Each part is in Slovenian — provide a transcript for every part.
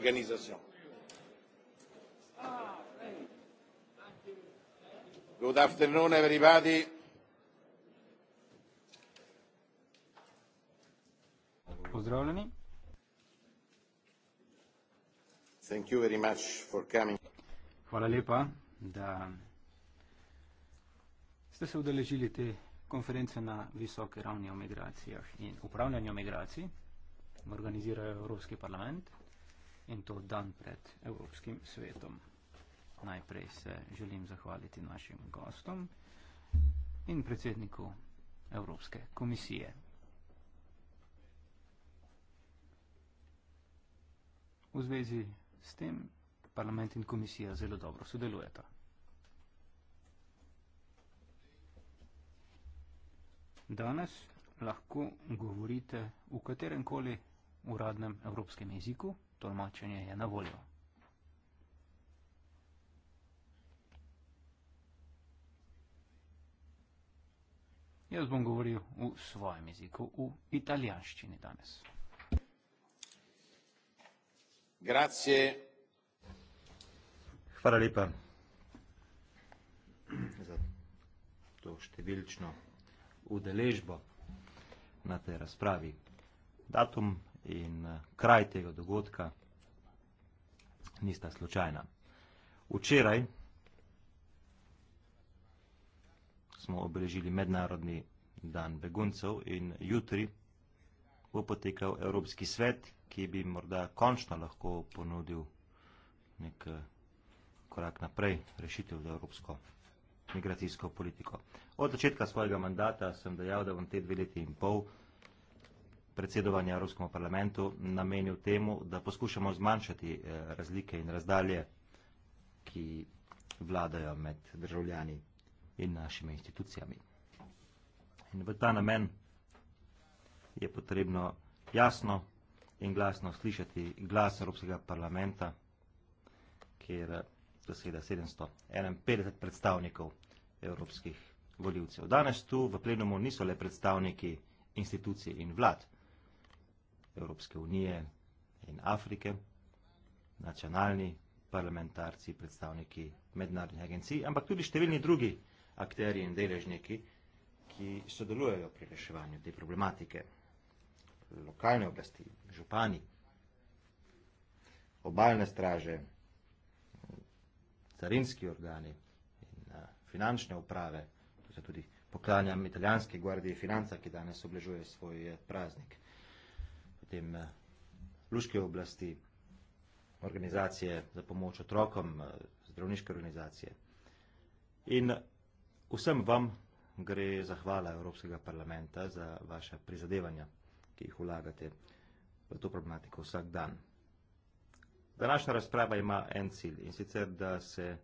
organisation. Good afternoon, everybody. Pozdravljeni. Thank you very much for coming. Hvala lepa, da ste se udeležili te konference na visoki ravni o migracijah in upravljanju migracij, ki jo organizira Evropski parlament in to dan pred Evropskim svetom. Najprej se želim zahvaliti našim gostom in predsedniku Evropske komisije. V zvezi s tem parlament in komisija zelo dobro sodelujeta. Danes lahko govorite v katerem koli uradnem evropskem jeziku tolmačenje je na voljo. Jaz bom govoril v svojem jeziku, v italijanščini danes. Grazie. Hvala lepa za to številčno udeležbo na tej razpravi. Datum in eh, kraj tega dogodka nista slučajna. Včeraj smo obeležili mednarodni dan beguncev in jutri bo potekal Evropski svet, ki bi morda končno lahko ponudil nek eh, korak naprej rešitev v evropsko migracijsko politiko. Od začetka svojega mandata sem dejal, da bom te dve leti in pol vsega, predsedovanja Evropskemu parlamentu namenil temu, da poskušamo zmanjšati eh, razlike in razdalje, ki vladajo med državljani in našimi institucijami. In v ta namen je potrebno jasno in glasno slišati glas Evropskega parlamenta, kjer doseda 751 predstavnikov evropskih voljivcev. Danes tu v plenumu niso le predstavniki institucij in vlad, Evropske unije in Afrike, nacionalni parlamentarci, predstavniki mednarodnih agencij, ampak tudi številni drugi akteri in deležniki, ki sodelujejo pri reševanju te problematike. Lokalne oblasti, župani, obaljne straže, carinski organi in finančne uprave, tudi poklanjam italijanski guardi financa, ki danes obležuje svoj praznik potem eh, luške oblasti, organizacije za pomoč otrokom, eh, zdravniške organizacije. In eh, vsem vam gre zahvala Evropskega parlamenta za vaše prizadevanja, ki jih vlagate v to problematiko vsak dan. Današnja razprava ima en cilj in sicer, da se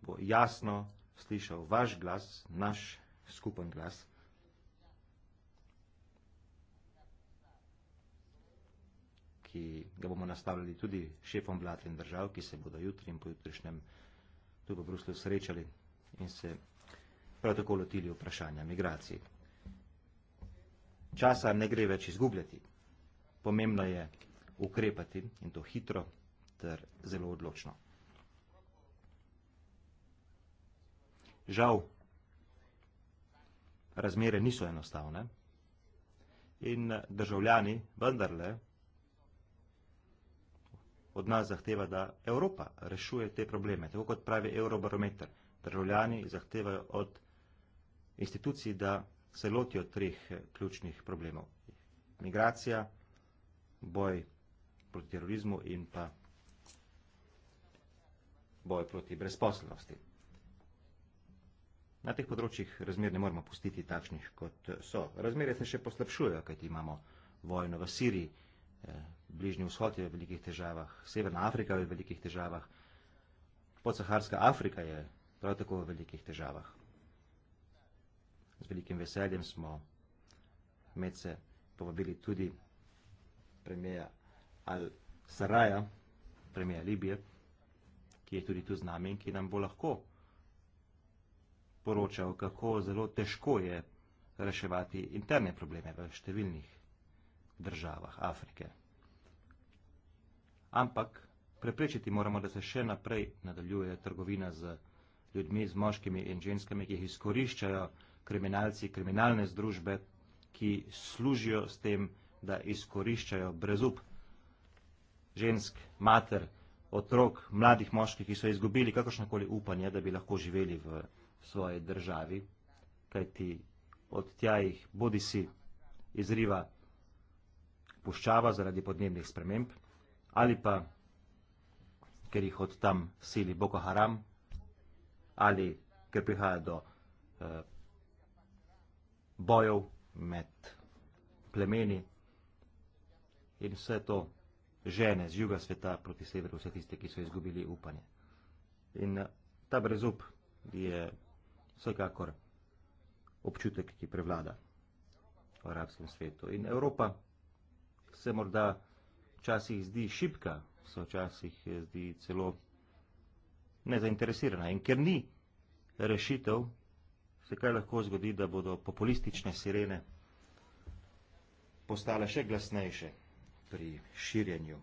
bo jasno slišal vaš glas, naš skupen glas, ki ga bomo nastavljali tudi šefom vlad in držav, ki se bodo jutri in pojutrišnjem tudi v Bruslju srečali in se prav tako lotili vprašanja migracij. Časa ne gre več izgubljati. Pomembno je ukrepati in to hitro ter zelo odločno. Žal, razmere niso enostavne in državljani vendarle od nas zahteva, da Evropa rešuje te probleme, tako kot pravi Eurobarometer. Državljani zahtevajo od institucij, da se lotijo treh eh, ključnih problemov. Migracija, boj proti terorizmu in pa boj proti brezposlenosti. Na teh področjih razmer ne moramo pustiti takšnih, kot so. Razmerje se še poslabšujejo, kajti imamo vojno v Siriji. Eh, Bližnji vzhod je v velikih težavah, Severna Afrika je v velikih težavah, podsaharska Afrika je prav tako v velikih težavah. Z velikim veseljem smo med se povabili tudi premijeja Al-Saraja, premijeja Libije, ki je tudi tu z nami in ki nam bo lahko poročal, kako zelo težko je reševati interne probleme v številnih državah Afrike. Ampak preprečiti moramo, da se še naprej nadaljuje trgovina z ljudmi, z moškimi in ženskami, ki jih izkoriščajo kriminalci, kriminalne združbe, ki služijo s tem, da izkoriščajo brezup žensk, mater, otrok, mladih moških, ki so izgubili kakršnakoli upanje, da bi lahko živeli v svoji državi, kajti od tja jih bodi si izriva puščava zaradi podnebnih sprememb ali pa ker jih od tam sili Boko Haram ali ker prihaja do eh, bojev med plemeni in vse to žene z juga sveta proti severu, vse tiste, ki so izgubili upanje. In eh, ta brezup je vsekakor občutek, ki prevlada v arabskem svetu. In Evropa se morda včasih zdi šipka, se včasih zdi celo nezainteresirana. In ker ni rešitev, se kaj lahko zgodi, da bodo populistične sirene postale še glasnejše pri širjenju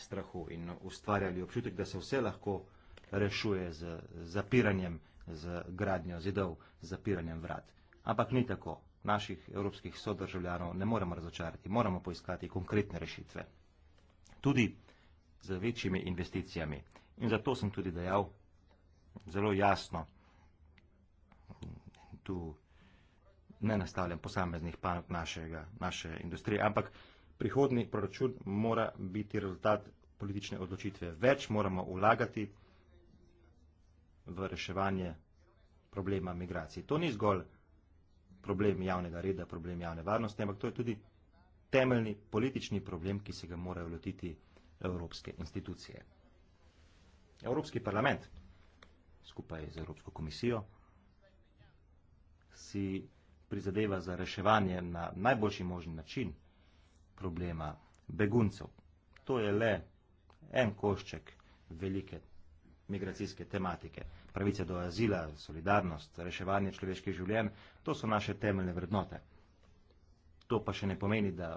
strahu in ustvarjali občutek, da se vse lahko rešuje z zapiranjem, z gradnjo zidov, z zapiranjem vrat. Ampak ni tako naših evropskih sodržavljanov ne moremo razočarati, moramo poiskati konkretne rešitve. Tudi z večjimi investicijami. In zato sem tudi dejal zelo jasno, tu ne nastavljam posameznih panog našega, naše industrije, ampak prihodni proračun mora biti rezultat politične odločitve. Več moramo vlagati v reševanje problema migracij. To ni zgolj problem javnega reda, problem javne varnosti, ampak to je tudi temeljni politični problem, ki se ga morajo lotiti evropske institucije. Evropski parlament, skupaj z Evropsko komisijo, si prizadeva za reševanje na najboljši možni način problema beguncev. To je le en košček velike migracijske tematike pravice do azila, solidarnost, reševanje človeških življenj, to so naše temeljne vrednote. To pa še ne pomeni, da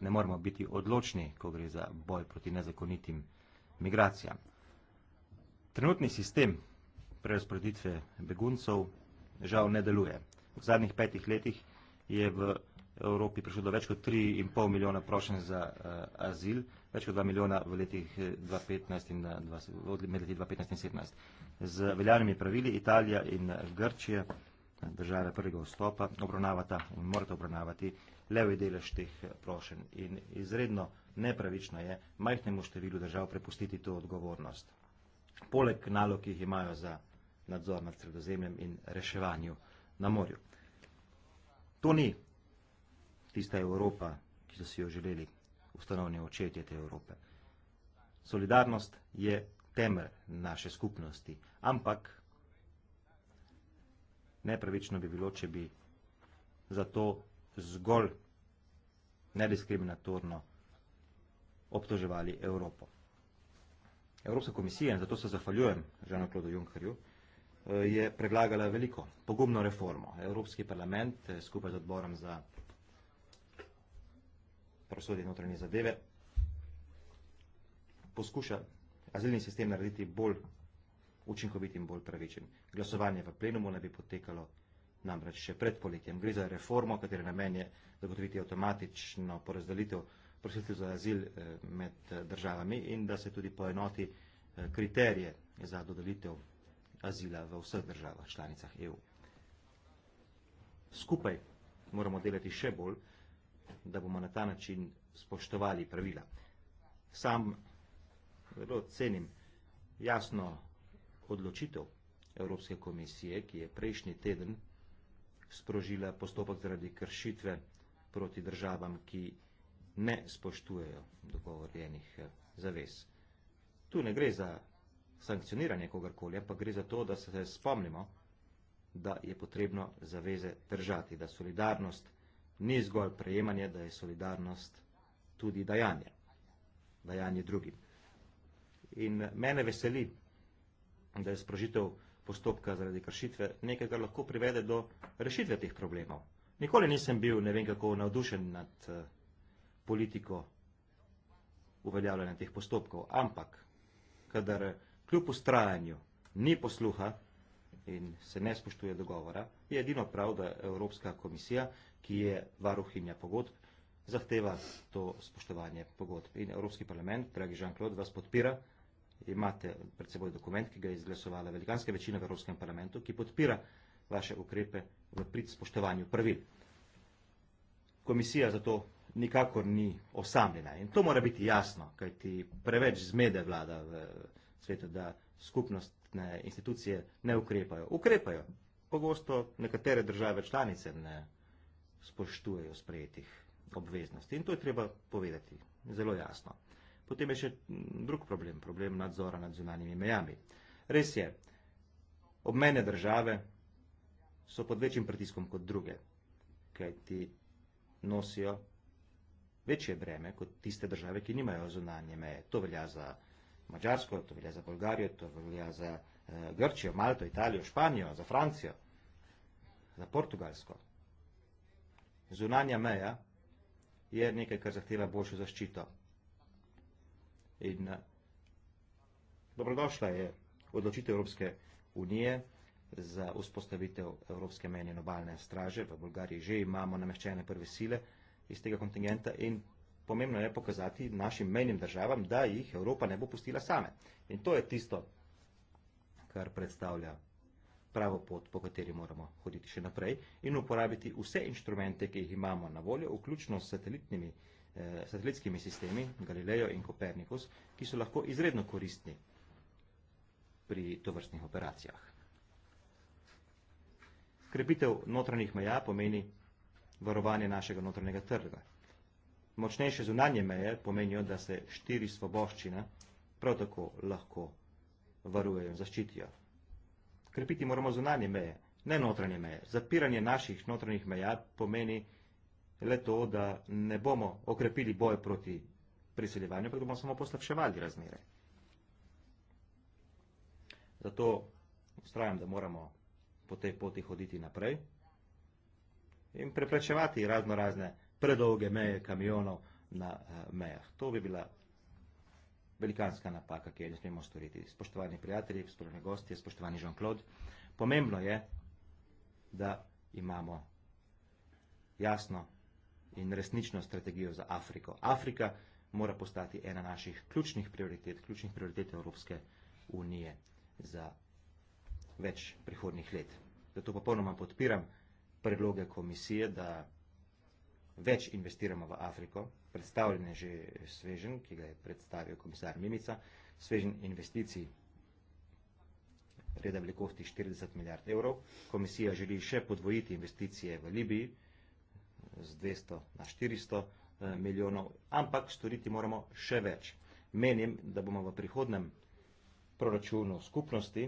ne moramo biti odločni, ko gre za boj proti nezakonitim migracijam. Trenutni sistem prerazporeditve beguncev žal ne deluje. V zadnjih petih letih je v Evropi prišlo do več kot 3,5 milijona prošen za uh, azil, več kot 2 milijona v letih 2015 eh, in, 20, eh, med letih 2015 in 2017. Z veljavnimi pravili Italija in Grčija, države prvega vstopa, obravnavata in morate obravnavati levi delež teh prošen. In izredno nepravično je majhnemu številu držav prepustiti to odgovornost. Poleg nalog, ki jih imajo za nadzor nad sredozemljem in reševanju na morju. To ni tista Evropa, ki so si jo želeli ustanovni očetje te Evrope. Solidarnost je temelj naše skupnosti, ampak nepravično bi bilo, če bi zato zgolj nediskriminatorno obtoževali Evropo. Evropska komisija, in zato se zahvaljujem Žano Klodo Junkerju, eh, je predlagala veliko, pogumno reformo. Evropski parlament eh, skupaj z odborom za pravosodje notranje zadeve poskuša azilni sistem narediti bolj učinkovit in bolj pravičen. Glasovanje v plenumu ne bi potekalo namreč še pred poletjem. Gre za reformo, katere namen je zagotoviti avtomatično porazdelitev prositev za azil eh, med eh, državami in da se tudi poenoti eh, kriterije za dodelitev azila v vseh državah, članicah EU. Skupaj moramo delati še bolj, da bomo na ta način spoštovali pravila. Sam zelo cenim jasno odločitev Evropske komisije, ki je prejšnji teden sprožila postopek zaradi kršitve proti državam, ki ne spoštujejo dogovorjenih eh, zavez. Tu ne gre za sankcioniranje kogarkoli, ampak gre za to, da se spomnimo, da je potrebno zaveze držati, da solidarnost držati, ni zgolj prejemanje, da je solidarnost tudi dajanje, dajanje drugim. In mene veseli, da je sprožitev postopka zaradi kršitve nekaj, kar lahko privede do rešitve teh problemov. Nikoli nisem bil ne vem kako navdušen nad eh, politiko uveljavljanja teh postopkov, ampak kadar kljub ustrajanju ni posluha in se ne spoštuje dogovora, je edino prav, da Evropska komisija ki je varuhinja pogodb, zahteva to spoštovanje pogodb. In Evropski parlament, dragi Jean-Claude, vas podpira, imate pred seboj dokument, ki ga je izglasovala velikanska večina v Evropskem parlamentu, ki podpira vaše ukrepe v prid spoštovanju pravil. Komisija zato nikakor ni osamljena in to mora biti jasno, kaj ti preveč zmede vlada v svetu, da skupnostne institucije ne ukrepajo. Ukrepajo, pogosto nekatere države članice ne ukrepajo spoštujejo sprejetih obveznosti. In to je treba povedati zelo jasno. Potem je še drug problem, problem nadzora nad zunanjimi mejami. Res je, obmene države so pod večjim pritiskom kot druge, kaj ti nosijo večje breme kot tiste države, ki nimajo zunanje meje. To velja za Mačarsko, to velja za Bolgarijo, to velja za eh, Grčijo, Malto, Italijo, Španijo, za Francijo, za Portugalsko zunanja meja je nekaj, kar zahteva boljšo zaščito. In eh, dobrodošla je odločitev Evropske unije za vzpostavitev Evropske menje obalne straže. V Bolgariji že imamo nameščene prve sile iz tega kontingenta in pomembno je pokazati našim menjim državam, da jih Evropa ne bo pustila same. In to je tisto, kar predstavlja pravo pot, po kateri moramo hoditi še naprej in uporabiti vse inštrumente, ki jih imamo na voljo, vključno s satelitnimi, eh, satelitskimi sistemi Galileo in Copernicus, ki so lahko izredno koristni pri tovrstnih operacijah. Krepitev notranjih meja pomeni varovanje našega notranjega trga. Močnejše zunanje meje pomenijo, da se štiri svoboščine prav tako lahko varujejo in zaščitijo krepiti moramo zunanje meje, ne notranje meje. Zapiranje naših notranjih meja pomeni le to, da ne bomo okrepili boje proti priseljevanju, ampak bomo samo poslavševali razmere. Zato ustrajam, da moramo po tej poti hoditi naprej in preprečevati razno razne predolge meje kamionov na eh, mejah. To bi bila velikanska napaka, ki jo ne smemo storiti. Spoštovani prijatelji, spoštovani gostje, spoštovani Jean-Claude, pomembno je, da imamo jasno in resnično strategijo za Afriko. Afrika mora postati ena naših ključnih prioritet, ključnih prioritet Evropske unije za več prihodnih let. Zato popolnoma podpiram predloge komisije, da več investiramo v Afriko, predstavljen je že svežen, ki ga je predstavil komisar Mimica, svežen investicij reda velikosti 40 milijard evrov. Komisija želi še podvojiti investicije v Libiji z 200 na 400 eh, milijonov, ampak storiti moramo še več. Menim, da bomo v prihodnem proračunu skupnosti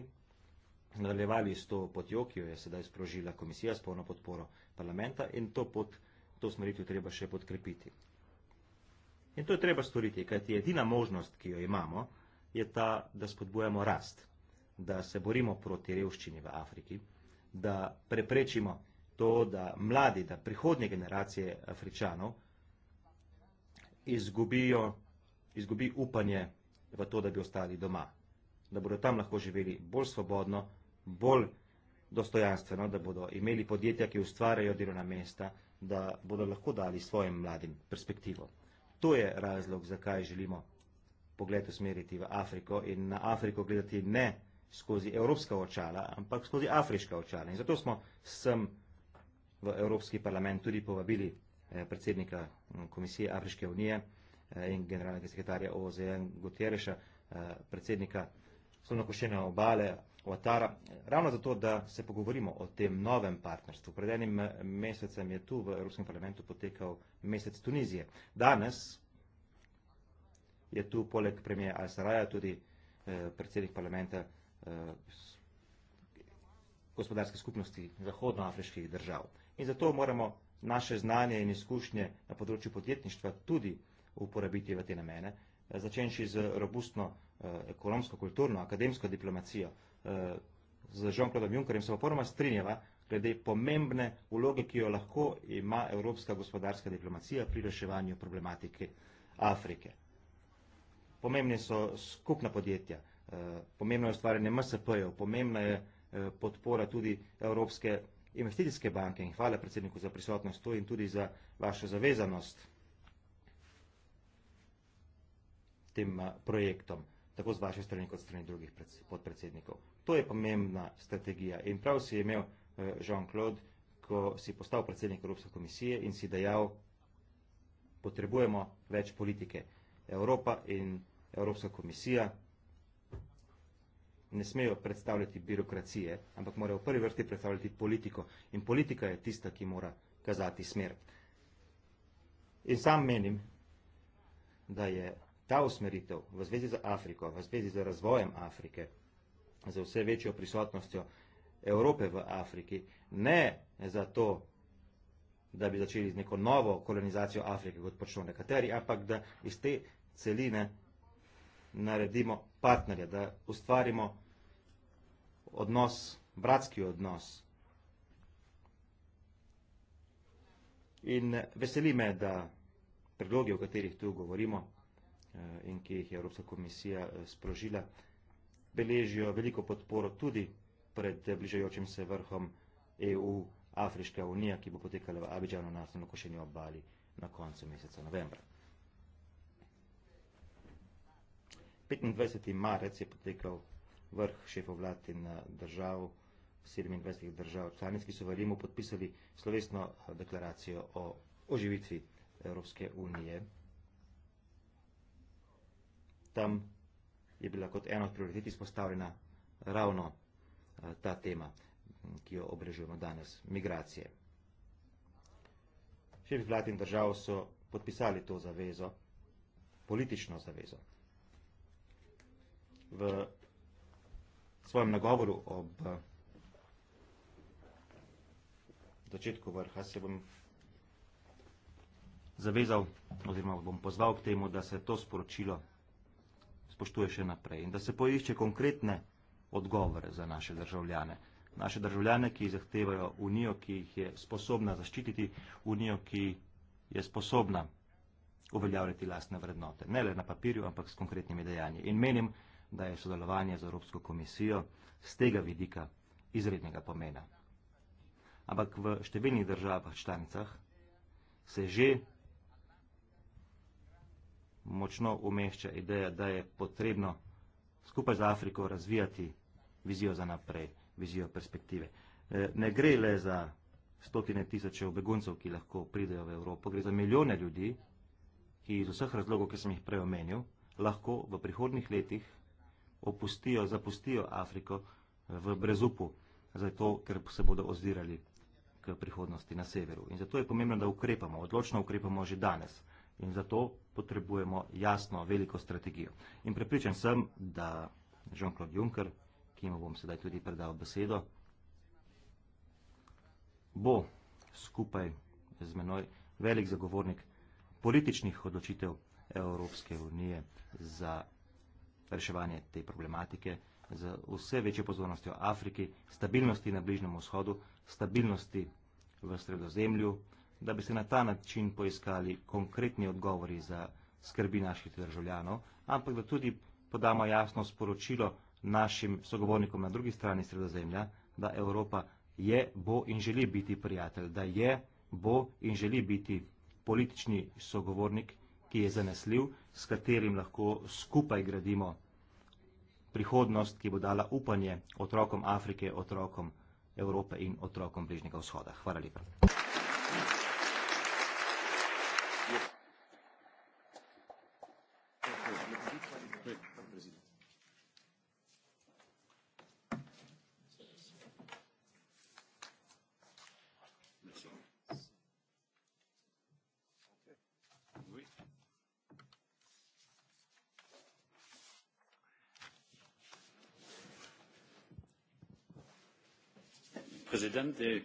nadaljevali s to potjo, ki jo je sedaj sprožila komisija s polno podporo parlamenta in to, pot, to smeritev treba še podkrepiti. In to je treba storiti, kajti edina možnost, ki jo imamo, je ta, da spodbujamo rast, da se borimo proti revščini v Afriki, da preprečimo to, da mladi, da prihodnje generacije Afričanov izgubijo, izgubi upanje v to, da bi ostali doma, da bodo tam lahko živeli bolj svobodno, bolj dostojanstveno, da bodo imeli podjetja, ki ustvarjajo delovna mesta, da bodo lahko dali svojim mladim perspektivo. To je razlog, zakaj želimo pogled usmeriti v Afriko in na Afriko gledati ne skozi evropska očala, ampak skozi afriška očala. In zato smo sem v Evropski parlament tudi povabili eh, predsednika mm, Komisije Afriške unije eh, in generalnega sekretarja OZN Gutjereša, eh, predsednika Slovno-Koščene obale, Otara, ravno zato, da se pogovorimo o tem novem partnerstvu. Pred enim eh, mesecem je tu v Evropskem parlamentu potekal mesec Tunizije. Danes je tu poleg premije Al-Saraja tudi eh, predsednik parlamenta eh, gospodarske skupnosti zahodnoafriških držav. In zato moramo naše znanje in izkušnje na področju podjetništva tudi uporabiti v te namene, eh, začenši z robustno eh, ekonomsko, kulturno, akademsko diplomacijo, z Jean-Claudom Junckerjem, se popolnoma strinjava glede pomembne vloge, ki jo lahko ima evropska gospodarska diplomacija pri reševanju problematike Afrike. Pomembne so skupna podjetja, eh, pomembno je ustvarjanje MSP-jev, pomembna je eh, podpora tudi Evropske investicijske banke in hvala predsedniku za prisotnost to in tudi za vašo zavezanost tem eh, projektom tako z vaše strani kot strani drugih podpredsednikov. To je pomembna strategija in prav si je imel eh, Jean-Claude, ko si postal predsednik Evropske komisije in si dejal, potrebujemo več politike. Evropa in Evropska komisija ne smejo predstavljati birokracije, ampak morajo v prvi vrsti predstavljati politiko in politika je tista, ki mora kazati smer. In sam menim, da je ta usmeritev v zvezi z Afriko, v zvezi z razvojem Afrike, za vse večjo prisotnostjo Evrope v Afriki, ne zato, da bi začeli z neko novo kolonizacijo Afrike, kot počnemo nekateri, ampak da iz te celine naredimo partnerja, da ustvarimo odnos, bratski odnos. In veseli me, da predloge, o katerih tu govorimo, Eh, in ki jih je Evropska komisija eh, sprožila, beležijo veliko podporo tudi pred bližajočim se vrhom EU, Afriška unija, ki bo potekala v Abidžanu na Arsenu Košenju obali na koncu meseca novembra. 25. marec je potekal vrh šefov vlad in eh, držav, 27 držav članic, ki so v Rimu podpisali slovesno deklaracijo o oživitvi Evropske unije tam je bila kot ena od prioritet izpostavljena ravno eh, ta tema, ki jo obrežujemo danes, migracije. Šefi vlad in držav so podpisali to zavezo, politično zavezo. V svojem nagovoru ob eh, začetku vrha se bom zavezal oziroma bom pozval k temu, da se to sporočilo spoštuje še naprej in da se poišče konkretne odgovore za naše državljane. Naše državljane, ki zahtevajo unijo, ki jih je sposobna zaščititi, unijo, ki je sposobna uveljavljati lastne vrednote. Ne le na papirju, ampak s konkretnimi dejanji. In menim, da je sodelovanje z Evropsko komisijo z tega vidika izrednega pomena. Ampak v številnih državah članicah se že močno umešča ideja, da je potrebno skupaj z Afriko razvijati vizijo za naprej, vizijo perspektive. E, ne gre le za stotine tisoče beguncev, ki lahko pridejo v Evropo, gre za milijone ljudi, ki iz vseh razlogov, ki sem jih prej omenil, lahko v prihodnih letih opustijo, zapustijo Afriko v brezupu, zato ker se bodo ozirali k prihodnosti na severu. In zato je pomembno, da ukrepamo, odločno ukrepamo že danes. In zato potrebujemo jasno, veliko strategijo. In prepričan sem, da Jean-Claude Juncker, ki mu bom sedaj tudi predal besedo, bo skupaj z menoj velik zagovornik političnih odločitev Evropske unije za reševanje te problematike z vse večjo pozornostjo Afriki, stabilnosti na Bližnjem vzhodu, stabilnosti v sredozemlju, da bi se na ta način poiskali konkretni odgovori za skrbi naših državljanov, ampak da tudi podamo jasno sporočilo našim sogovornikom na drugi strani sredozemlja, da Evropa je, bo in želi biti prijatelj, da je, bo in želi biti politični sogovornik, ki je zanesljiv, s katerim lahko skupaj gradimo prihodnost, ki bo dala upanje otrokom Afrike, otrokom Evrope in otrokom Bližnjega vzhoda. Hvala lepa.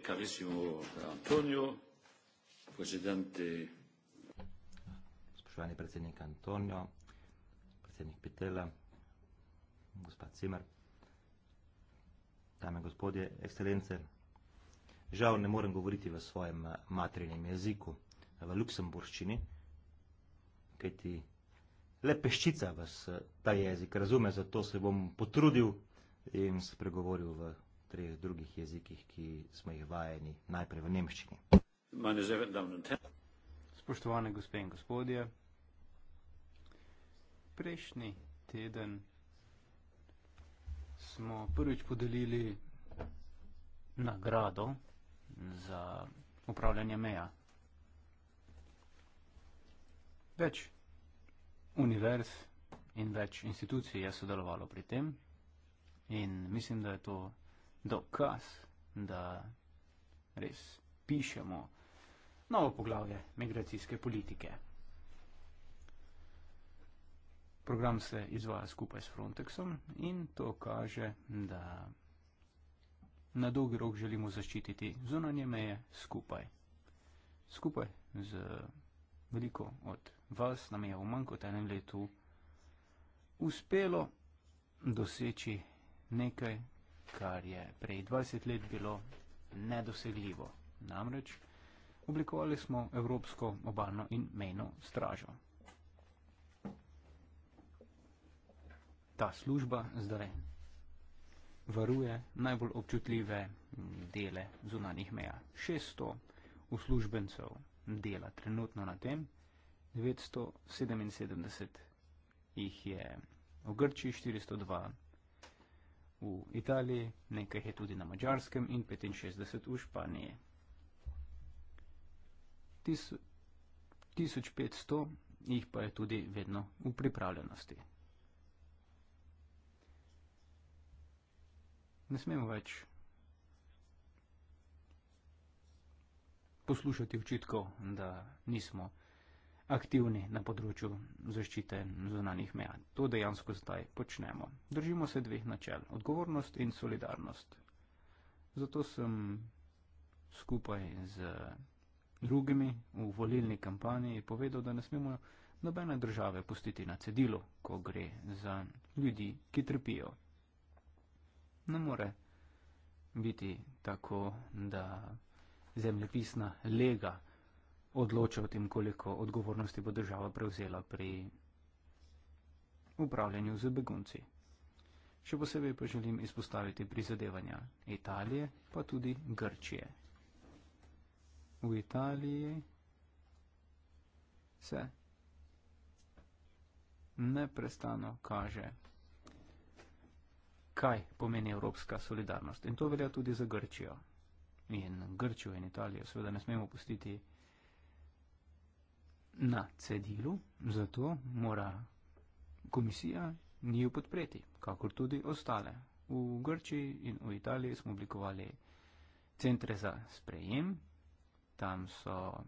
Carissimo Antonio, Presidente. Spoštovani predsednik Antonio, predsednik Pitela, gospod Cimer, dame gospodje, ekscelence, žal ne morem govoriti v svojem eh, materinem jeziku, v luksemburščini, kaj ti le peščica vas eh, ta jezik razume, zato se bom potrudil in spregovoril v treh drugih jezikih, ki smo jih vajeni najprej v nemščini. Spoštovane gospe in gospodje, prejšnji teden smo prvič podelili nagrado za upravljanje meja. Več univerz in več institucij je sodelovalo pri tem in mislim, da je to dokaz, da res pišemo novo poglavje migracijske politike. Program se izvaja skupaj s Frontexom in to kaže, da na dolgi rok želimo zaščititi zunanje meje skupaj. Skupaj z veliko od vas nam je v manj kot enem letu uspelo doseči nekaj, kar je prej 20 let bilo nedosegljivo. Namreč oblikovali smo Evropsko obalno in mejno stražo. Ta služba zdaj varuje najbolj občutljive dele zunanih meja. 600 uslužbencev dela trenutno na tem, 977 jih je v Grči, 402 v Italiji, nekaj je tudi na Mačarskem in 65 v Španiji. Tis, 1500 jih pa je tudi vedno v pripravljenosti. Ne smemo več poslušati očitkov, da nismo aktivni na področju zaščite zunanih meja. To dejansko zdaj počnemo. Držimo se dveh načel - odgovornost in solidarnost. Zato sem skupaj z drugimi v volilni kampanji povedal, da ne smemo nobene države pustiti na cedilu, ko gre za ljudi, ki trpijo. Ne more biti tako, da zemljepisna lega odloča o tem, koliko odgovornosti bo država prevzela pri upravljanju z begunci. Še posebej pa želim izpostaviti prizadevanja Italije, pa tudi Grčije. V Italiji se neprestano kaže, kaj pomeni evropska solidarnost. In to velja tudi za Grčijo. In Grčijo in Italijo seveda ne smemo pustiti na cedilu, zato mora komisija njiju podpreti, kakor tudi ostale. V Grčiji in v Italiji smo oblikovali centre za sprejem, tam so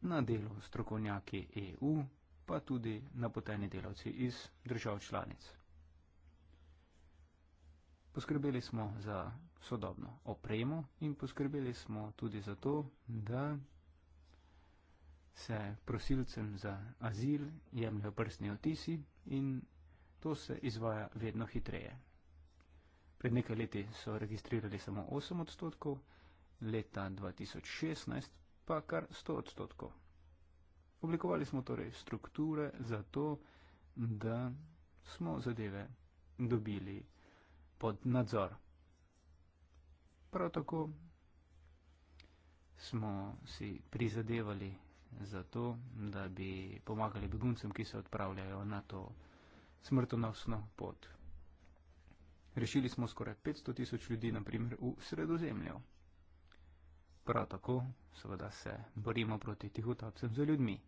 na delu strokovnjaki EU, pa tudi napoteni delavci iz držav članic. Poskrbeli smo za sodobno opremo in poskrbeli smo tudi za to, da se prosilcem za azil jemljajo prstni otisi in to se izvaja vedno hitreje. Pred nekaj leti so registrirali samo 8 odstotkov, leta 2016 pa kar 100 odstotkov. Oblikovali smo torej strukture za to, da smo zadeve dobili pod nadzor. Prav tako smo si prizadevali za to, da bi pomagali beguncem, ki se odpravljajo na to smrtonosno pot. Rešili smo skoraj 500 tisoč ljudi, naprimer, v sredozemlju. Prav tako, seveda, se borimo proti tihotapcem za ljudmi.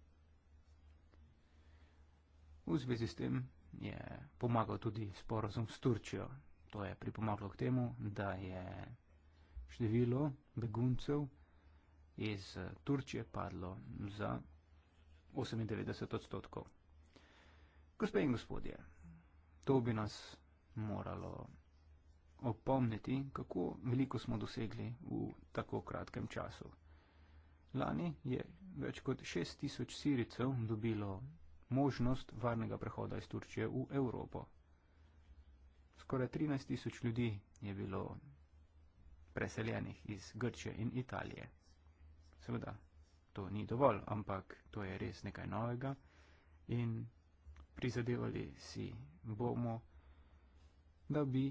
V zvezi s tem je pomagal tudi sporozum s Turčijo. To je pripomoglo k temu, da je število beguncev, iz eh, Turčije padlo za 98 odstotkov. Gospe in gospodje, to bi nas moralo opomniti, kako veliko smo dosegli v tako kratkem času. Lani je več kot 6000 Siricev dobilo možnost varnega prehoda iz Turčije v Evropo. Skoraj 13 tisoč ljudi je bilo preseljenih iz Grče in Italije seveda to ni dovolj, ampak to je res nekaj novega in prizadevali si bomo, da bi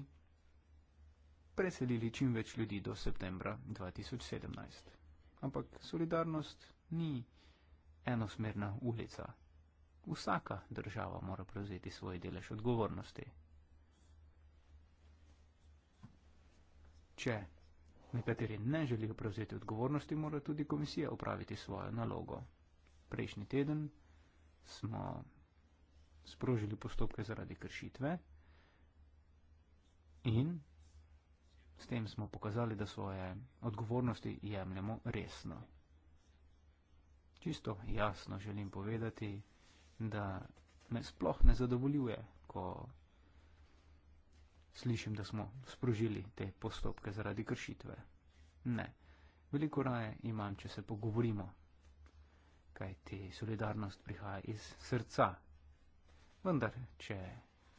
preselili čim več ljudi do septembra 2017. Ampak solidarnost ni enosmerna ulica. Vsaka država mora prevzeti svoj delež odgovornosti. Če Nekateri ne želijo prevzeti odgovornosti, mora tudi komisija upraviti svojo nalogo. Prejšnji teden smo sprožili postopke zaradi kršitve in s tem smo pokazali, da svoje odgovornosti jemljemo resno. Čisto jasno želim povedati, da me sploh ne zadovoljuje, ko slišim, da smo sprožili te postopke zaradi kršitve. Ne, veliko raje imam, če se pogovorimo, kaj ti solidarnost prihaja iz srca. Vendar, če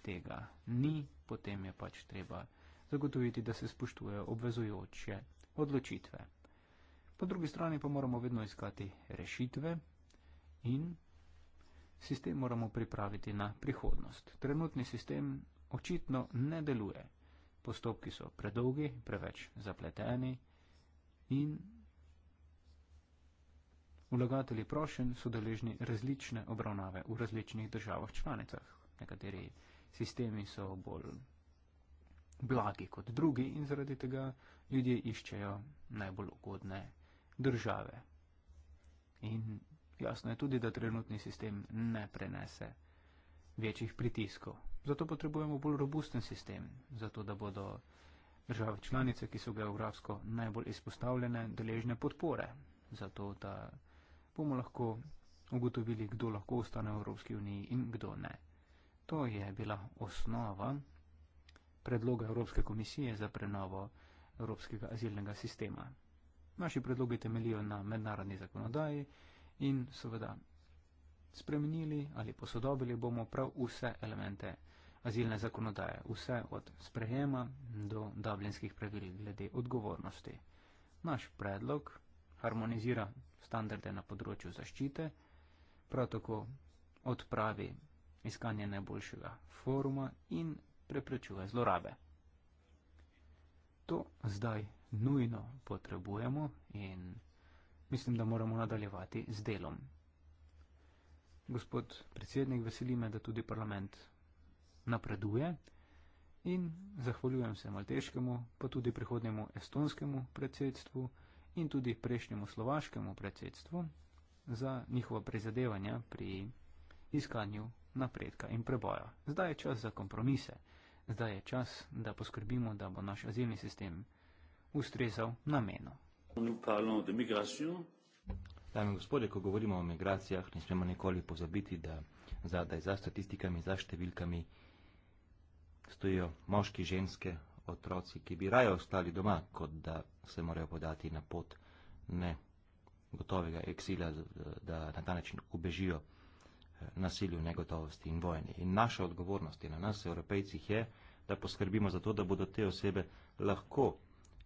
tega ni, potem je pač treba zagotoviti, da se spoštujejo obvezujoče odločitve. Po drugi strani pa moramo vedno iskati rešitve in sistem moramo pripraviti na prihodnost. Trenutni sistem očitno ne deluje. Postopki so predolgi, preveč zapleteni in vlagatelji prošen so deležni različne obravnave v različnih državah članicah. Nekateri sistemi so bolj blagi kot drugi in zaradi tega ljudje iščejo najbolj ugodne države. In jasno je tudi, da trenutni sistem ne prenese večjih pritiskov. Zato potrebujemo bolj robusten sistem, zato da bodo države članice, ki so geografsko najbolj izpostavljene, deležne podpore, zato da bomo lahko ugotovili, kdo lahko ostane v Evropski uniji in kdo ne. To je bila osnova predloga Evropske komisije za prenovo Evropskega azilnega sistema. Naši predlogi temelijo na mednarodni zakonodaji in seveda Spremenili ali posodobili bomo prav vse elemente azilne zakonodaje, vse od sprejema do dublinskih pravil glede odgovornosti. Naš predlog harmonizira standarde na področju zaščite, prav tako odpravi iskanje najboljšega foruma in preprečuje zlorabe. To zdaj nujno potrebujemo in mislim, da moramo nadaljevati z delom gospod predsednik, veseli me, da tudi parlament napreduje in zahvaljujem se malteškemu, pa tudi prihodnemu estonskemu predsedstvu in tudi prejšnjemu slovaškemu predsedstvu za njihova prizadevanja pri iskanju napredka in preboja. Zdaj je čas za kompromise, zdaj je čas, da poskrbimo, da bo naš azilni sistem ustrezal namenu. Dame in gospode, ko govorimo o migracijah, ne smemo nikoli pozabiti, da zadaj za statistikami, za številkami stojijo moški, ženske, otroci, ki bi raje ostali doma, kot da se morajo podati na pot ne gotovega eksila, da na ta način ubežijo eh, nasilju, negotovosti in vojni. In naša odgovornost je na nas, evropejcih, je, da poskrbimo za to, da bodo te osebe lahko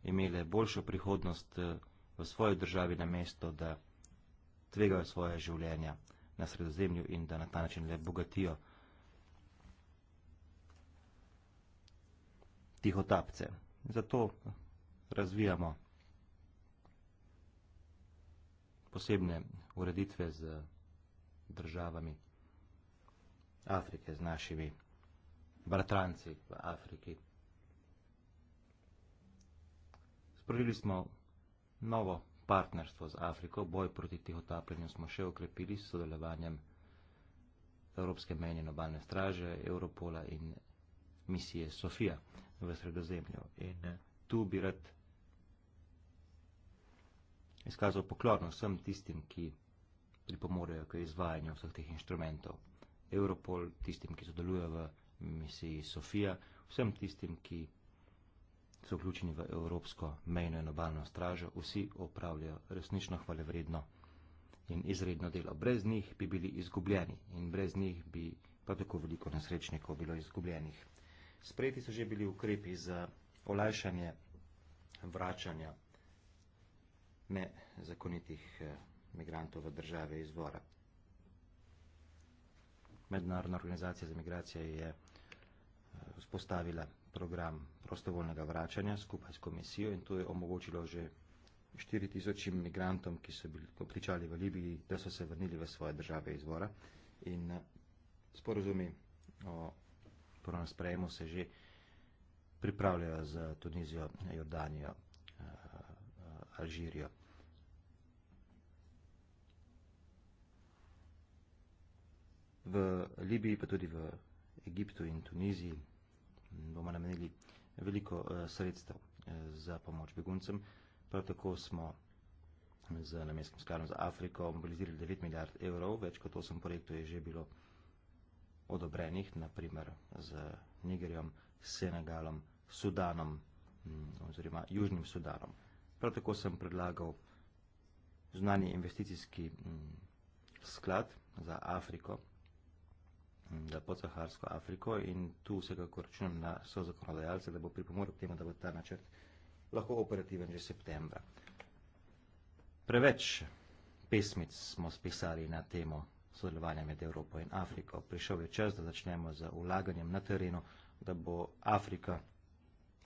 imele boljšo prihodnost eh, v svoji državi na mesto, da tvegajo svoje življenja na sredozemlju in da na ta način le bogatijo tihotapce. Zato razvijamo posebne ureditve z državami Afrike, z našimi bratranci v Afriki. Sprožili smo novo partnerstvo z Afriko, boj proti tihotapljenju smo še okrepili s sodelovanjem Evropske menje nobalne straže, Europola in misije Sofija v sredozemlju. In eh, tu bi rad izkazal poklorno vsem tistim, ki pripomorejo k izvajanju vseh teh inštrumentov. Europol, tistim, ki sodelujo v misiji Sofija, vsem tistim, ki pripomorejo so vključeni v Evropsko mejno in obalno stražo, vsi opravljajo resnično hvalevredno in izredno delo. Brez njih bi bili izgubljeni in brez njih bi pa tako veliko nesrečnikov bilo izgubljenih. Sprejeti so že bili ukrepi za olajšanje vračanja nezakonitih eh, migrantov v države izvora. Mednarodna organizacija za migracije je eh, vzpostavila program prostovoljnega vračanja skupaj s komisijo in to je omogočilo že 4000 migrantom, ki so bili pričali v Libiji, da so se vrnili v svoje države izvora. In eh, sporozumi o prvem sprejemu se že pripravljajo z Tunizijo, Jordanijo, eh, eh, Alžirijo. V Libiji, pa tudi v Egiptu in Tuniziji bomo namenili veliko eh, sredstev eh, za pomoč beguncem. Prav tako smo z namenskim skladom za Afriko mobilizirali 9 milijard evrov, več kot 8 projektov je že bilo odobrenih, naprimer z Nigerjem, Senegalom, Sudanom mm, oziroma Južnim Sudanom. Prav tako sem predlagal zunanji investicijski mm, sklad za Afriko, za podsaharsko Afriko in tu vsekako računam na so zakonodajalce, da bo pripomoril k temu, da bo ta načrt lahko operativen že septembra. Preveč pesmic smo spisali na temo sodelovanja med Evropo in Afriko. Prišel je čas, da začnemo z ulaganjem na terenu, da bo Afrika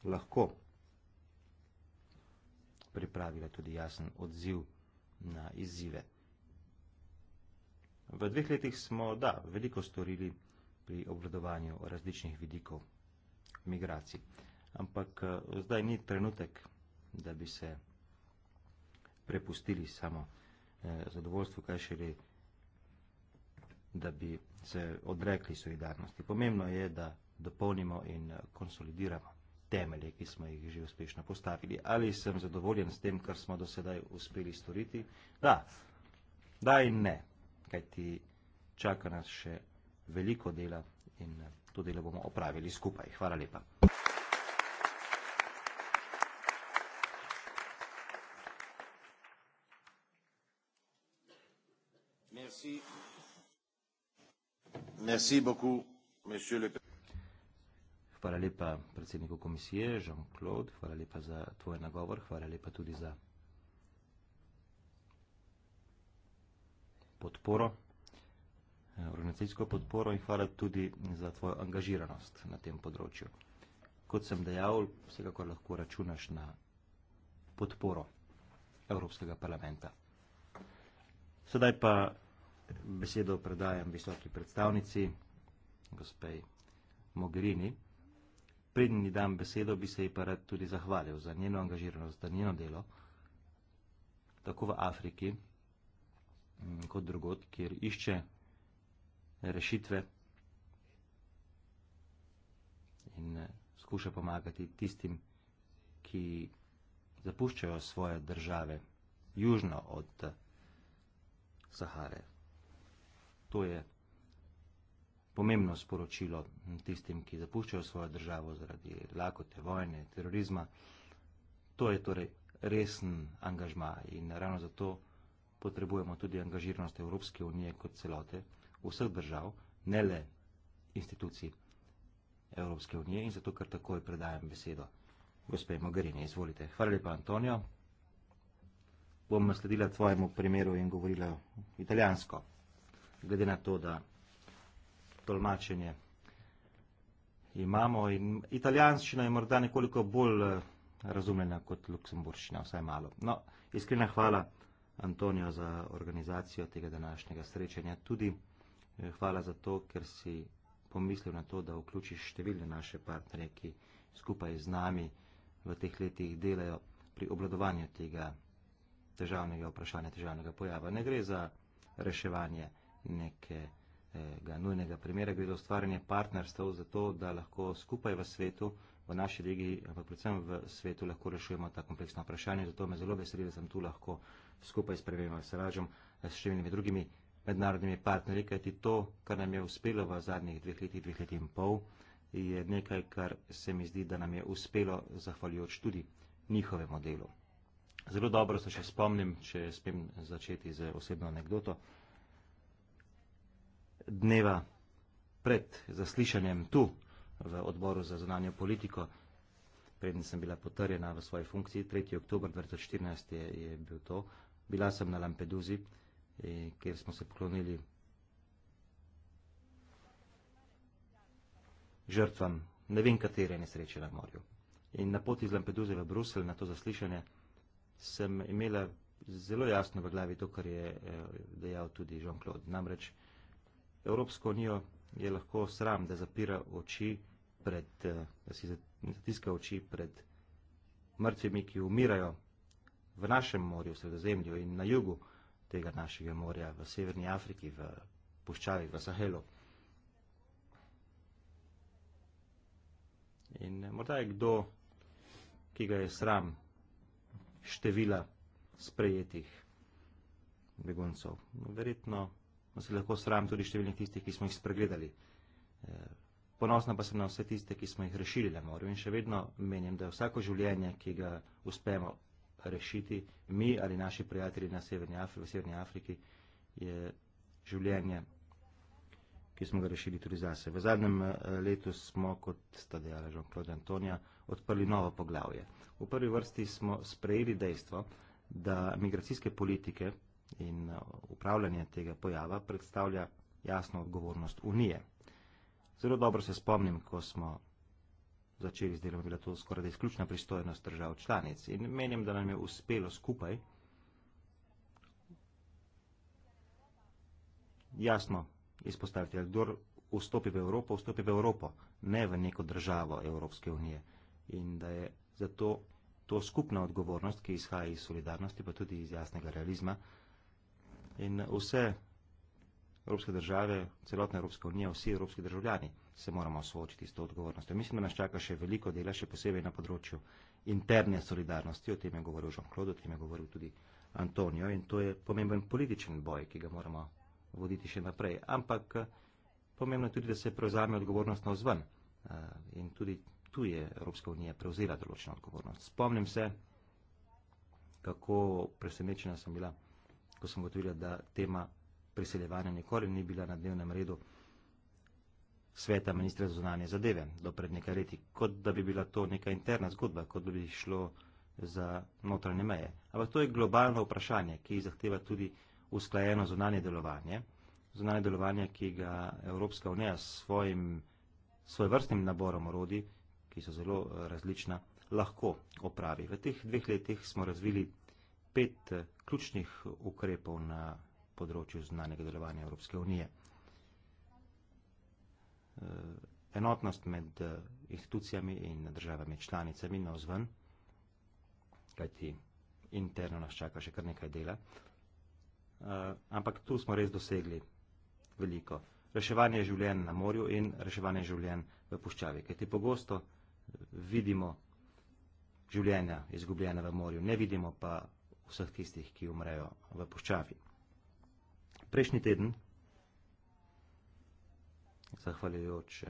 lahko pripravila tudi jasen odziv na izzive. V dveh letih smo, da, veliko storili pri obvladovanju različnih vidikov migracij. Ampak eh, zdaj ni trenutek, da bi se prepustili samo eh, zadovoljstvu, kaj šele, da bi se odrekli solidarnosti. Pomembno je, da dopolnimo in eh, konsolidiramo temelje, ki smo jih že uspešno postavili. Ali sem zadovoljen s tem, kar smo do sedaj uspeli storiti? Da, da in ne kajti čaka nas še veliko dela in eh, to delo bomo opravili skupaj. Hvala lepa. Merci. Merci beaucoup, monsieur le Hvala lepa predsedniku komisije, Jean-Claude, hvala lepa za tvoj nagovor, hvala lepa tudi za podporo, eh, organizacijsko podporo in hvala tudi za tvojo angažiranost na tem področju. Kot sem dejal, vsekakor lahko računaš na podporo Evropskega parlamenta. Sedaj pa besedo predajam visoki predstavnici, gospej Mogherini. Preden ji dam besedo, bi se ji pa rad tudi zahvalil za njeno angažiranost, za njeno delo, tako v Afriki, kot drugot, kjer išče rešitve in eh, skuša pomagati tistim, ki zapuščajo svoje države južno od eh, Sahare. To je pomembno sporočilo tistim, ki zapuščajo svojo državo zaradi lakote, vojne, terorizma. To je torej resen angažma in ravno zato potrebujemo tudi angažiranost Evropske unije kot celote vseh držav, ne le institucij Evropske unije in zato kar takoj predajam besedo gospej Mogherini. Izvolite. Hvala lepa, Antonio. Bom sledila tvojemu primeru in govorila italijansko. Glede na to, da tolmačenje imamo in italijanskina je morda nekoliko bolj eh, razumljena kot luksemburščina, vsaj malo. No, iskrena hvala. Antonijo, za organizacijo tega današnjega srečanja. Tudi eh, hvala za to, ker si pomislil na to, da vključiš številne naše partnerje, ki skupaj z nami v teh letih delajo pri obladovanju tega težavnega vprašanja, težavnega pojava. Ne gre za reševanje nekega eh, nujnega primera, gre za ustvarjanje partnerstv za to, da lahko skupaj v svetu, v naši regiji, pa predvsem v svetu lahko rešujemo ta kompleksna vprašanja. Zato me zelo veseli, da sem tu lahko skupaj s premijerjem Sarajom, s številnimi drugimi mednarodnimi partnerji, kajti to, kar nam je uspelo v zadnjih dveh letih, dveh letih in pol, je nekaj, kar se mi zdi, da nam je uspelo, zahvaljujoč tudi njihovemu delu. Zelo dobro se še spomnim, če spem začeti z osebno anegdoto. Dneva pred zaslišanjem tu v odboru za zunanjo politiko, preden sem bila potrjena v svoji funkciji, 3. oktober 2014 je, je bil to, uh, bila sem na Lampeduzi, eh, kjer smo se poklonili žrtvam, ne vem katere nesreče na morju. In na poti iz Lampeduze v Brusel na to zaslišanje sem imela zelo jasno v glavi to, kar je eh, dejal tudi Jean-Claude. Namreč Evropsko unijo je lahko sram, da zapira oči pred, eh, da si zatiska oči pred mrtvimi, ki umirajo, v našem morju, v Sredozemlju in na jugu tega našega morja, v Severni Afriki, v puščavih, v Sahelu. In eh, morda je kdo, ki ga je sram števila sprejetih beguncov. No, verjetno se lahko sram tudi številnih tistih, ki smo jih spregledali. Eh, ponosna pa sem na vse tiste, ki smo jih rešili na morju in še vedno menim, da je vsako življenje, ki ga uspemo rešiti mi ali naši prijatelji na Severni Afri, v Severni Afriki, je življenje, ki smo ga rešili tudi zase. V zadnjem eh, letu smo, kot sta dejala Jean-Claude Antonija, odprli novo poglavje. V prvi vrsti smo sprejeli dejstvo, da migracijske politike in eh, upravljanje tega pojava predstavlja jasno odgovornost Unije. Zelo dobro se spomnim, ko smo začeli z delom, bila to skoraj da izključna pristojnost držav članic. In menim, da nam je uspelo skupaj jasno izpostaviti, da kdor vstopi v Evropo, vstopi v Evropo, ne v neko državo Evropske unije. In da je zato to skupna odgovornost, ki izhaja iz solidarnosti, pa tudi iz jasnega realizma. In vse Evropske države, celotna Evropska unija, vsi evropski državljani se moramo soočiti s to odgovornostjo. Mislim, da nas čaka še veliko dela, še posebej na področju interne solidarnosti, o tem je govoril Jean-Claude, o tem je govoril tudi Antonijo in to je pomemben političen boj, ki ga moramo voditi še naprej. Ampak eh, pomembno je tudi, da se prevzame odgovornost na vzven eh, in tudi tu je Evropska unija prevzela določeno odgovornost. Spomnim se, kako presenečena sem bila, ko sem gotovila, da tema priseljevanja nikoli ni bila na dnevnem redu sveta ministra zunanje zadeve do pred nekaj leti, kot da bi bila to neka interna zgodba, kot da bi šlo za notranje meje. Ampak to je globalno vprašanje, ki zahteva tudi usklajeno zunanje delovanje, zunanje delovanje, ki ga Evropska unija s svojim svojvrstnim naborom orodij, ki so zelo eh, različna, lahko opravi. V teh dveh letih smo razvili pet eh, ključnih ukrepov na področju znanega delovanja Evropske unije. E, enotnost med e, institucijami in državami članicami na ozven, kajti interno nas čaka še kar nekaj dela, e, ampak tu smo res dosegli veliko. Reševanje življenj na morju in reševanje življenj v puščavi, kajti pogosto vidimo življenja izgubljene v morju, ne vidimo pa vseh tistih, ki umrejo v puščavi. Prejšnji teden, zahvaljujoč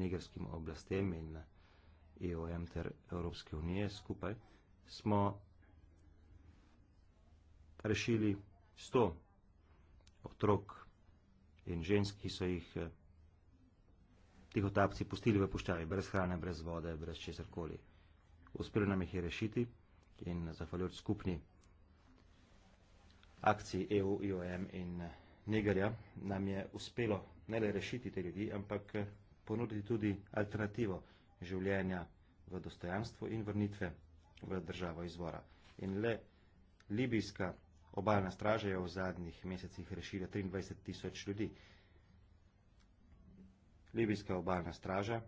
nigerskim oblastem in EOM ter Evropske unije skupaj, smo rešili 100 otrok in žensk, ki so jih eh, tih otapci pustili v puščavi, brez hrane, brez vode, brez česarkoli. Uspelo nam jih je rešiti in zahvaljujoč skupni akciji EU-IOM in eh, Negarja nam je uspelo ne le rešiti te ljudi, ampak eh, ponuditi tudi alternativo življenja v dostojanstvu in vrnitve v državo izvora. In le libijska obaljna straža je v zadnjih mesecih rešila 23 tisoč ljudi. Libijska obaljna straža,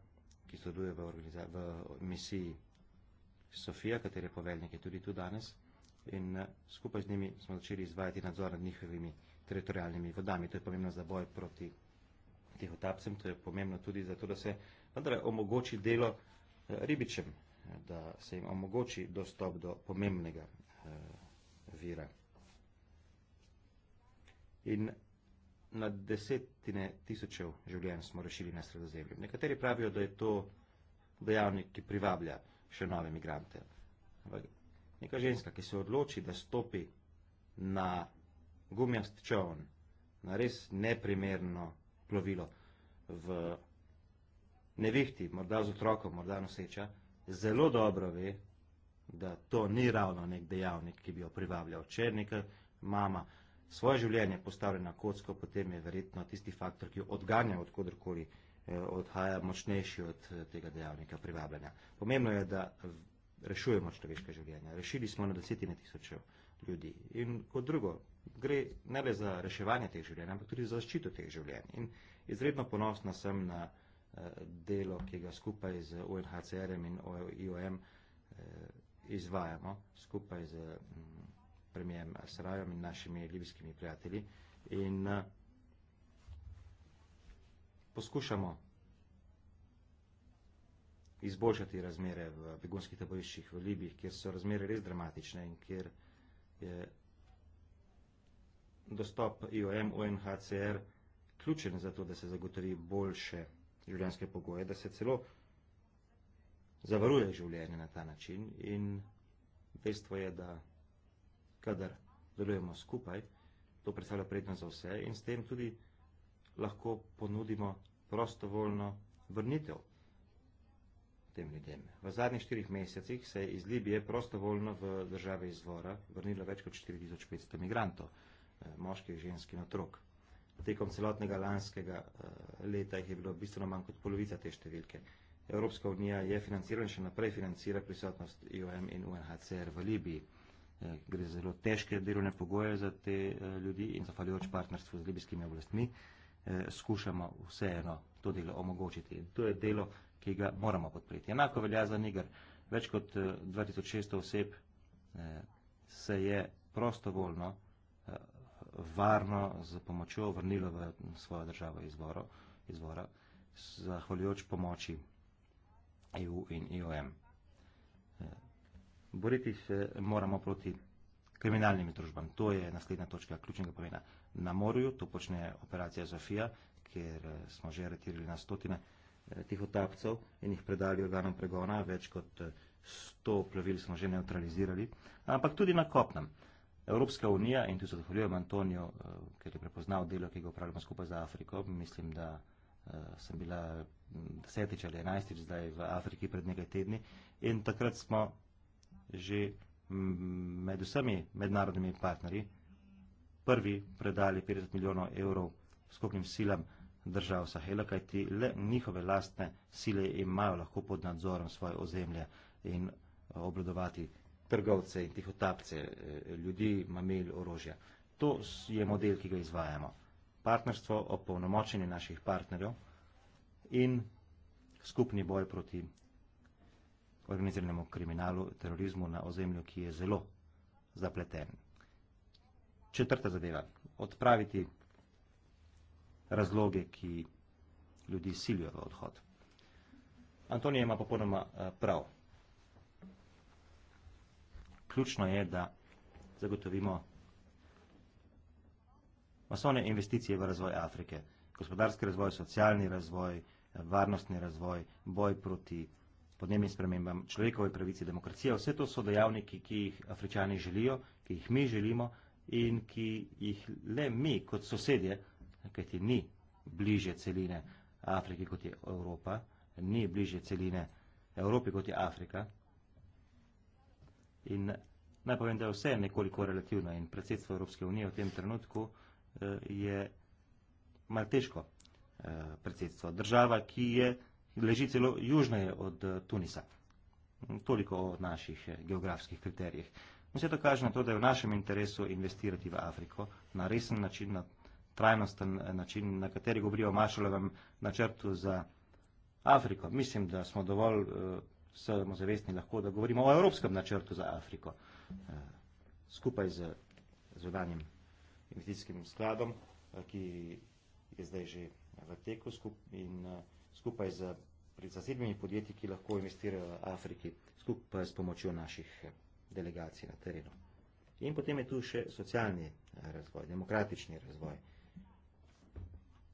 ki sodeluje v, v misiji Sofija, katere poveljnik je tudi tu danes, in eh, skupaj z njimi smo začeli izvajati nadzor nad njihovimi teritorijalnimi vodami. To je pomembno za boj proti tih otapcem, to je pomembno tudi zato, da se vendar omogoči delo eh, ribičem, da se jim omogoči dostop do pomembnega eh, vira. In na desetine tisočev življenj smo rešili na sredozemlju. Nekateri pravijo, da je to dejavnik, ki privablja še nove migrante. Neka ženska, ki se odloči, da stopi na gumijast čovn, na res neprimerno plovilo v nevihti, morda z otrokom, morda noseča, zelo dobro ve, da to ni ravno nek dejavnik, ki bi jo privabljal. Če neka mama svoje življenje postavlja na kocko, potem je verjetno tisti faktor, ki jo odganja od kodrkoli, eh, odhaja močnejši od eh, tega dejavnika privabljanja. Pomembno je, da rešujemo človeška življenja. Rešili smo na desetine tisoče ljudi. In kot drugo, gre ne le za reševanje teh življenj, ampak tudi za zaščito teh življenj. In izredno ponosna sem na eh, delo, ki ga skupaj z UNHCR-em in IOM eh, izvajamo, skupaj z mm, premijem Asrajom in našimi libijskimi prijatelji. In eh, poskušamo izboljšati razmere v begunskih taboriščih v Libiji, kjer so razmere res dramatične in kjer je dostop IOM, UNHCR ključen za to, da se zagotovi boljše življenjske pogoje, da se celo zavaruje življenje na ta način in dejstvo je, da kadar delujemo skupaj, to predstavlja prednost za vse in s tem tudi lahko ponudimo prostovoljno vrnitev tem ljudem. V zadnjih štirih mesecih se je iz Libije prostovoljno v države izvora vrnilo več kot 4500 migrantov, eh, moških, žensk in otrok. Tekom celotnega lanskega eh, leta jih je bilo bistveno manj kot polovica te številke. Evropska unija je financirala in še naprej financira prisotnost IOM in UNHCR v Libiji. Eh, gre za zelo težke delovne pogoje za te ljudi in zahvaljujoč partnerstvu z libijskimi oblastmi skušamo vseeno to delo omogočiti. To je delo, ki ga moramo podpreti. Enako velja za Niger. Več kot 2600 eh, oseb eh, se je prostovoljno, eh, varno z pomočjo vrnilo v svojo državo izvoro, izvora, zahvaljujoč pomoči EU in IOM. Boriti se moramo proti kriminalnim družbam. To je naslednja točka ključnega pomena. Na morju to počne operacija Zofija, kjer smo že retirili na stotine tih eh, otapcev in jih predali organom pregona, več kot 100 eh, plovil smo že neutralizirali, ampak tudi na kopnem. Evropska unija, in tu se zahvaljujem Antonijo, eh, ker je prepoznal delo, ki ga upravljamo skupaj za Afriko, mislim, da sem bila desetič ali enajstič zdaj v Afriki pred nekaj tedni in takrat smo že mm, med vsemi mednarodnimi partnerji prvi predali 50 milijonov evrov skupnim silam uh, držav Sahela, kajti le njihove lastne sile imajo lahko pod nadzorom svoje ozemlje in eh, obladovati trgovce in tihotapce, eh, ljudi, mamil, orožja. To je model, ki ga izvajamo. Partnerstvo o polnomočenju naših partnerjev in skupni boj proti organiziranemu kriminalu, terorizmu na ozemlju, ki je zelo zapleten. Četrta zadeva. Odpraviti razloge, ki ljudi silijo v odhod. Antonija ima popolnoma eh, prav. Ključno je, da zagotovimo masovne investicije v razvoj Afrike. Gospodarski razvoj, socialni razvoj, varnostni razvoj, boj proti podnebnim spremembam, človekove pravice, demokracija. Vse to so dejavniki, ki jih Afričani želijo, ki jih mi želimo in ki jih le mi kot sosedje želimo ker ti ni bliže celine Afrike kot je Evropa, ni bliže celine Evropi kot je Afrika. In naj povem, da je vse nekoliko relativno in predsedstvo Evropske unije v tem trenutku eh, je malo težko eh, predsedstvo. Država, ki je, leži celo južneje od eh, Tunisa. Mm, toliko o naših geografskih kriterijih. Vse to kaže na to, da je v našem interesu investirati v Afriko na resen način, na trajnosten eh, način, na kateri govorijo o Mašalovem načrtu za Afriko. Mislim, da smo dovolj eh, se zavestni lahko, da govorimo o evropskem načrtu za Afriko eh, skupaj z zvedanjem investicijskim skladom, ki je zdaj že v teku skup in skupaj z zasebnimi podjetji, ki lahko investirajo v Afriki skupaj s pomočjo naših delegacij na terenu. In potem je tu še socialni razvoj, demokratični razvoj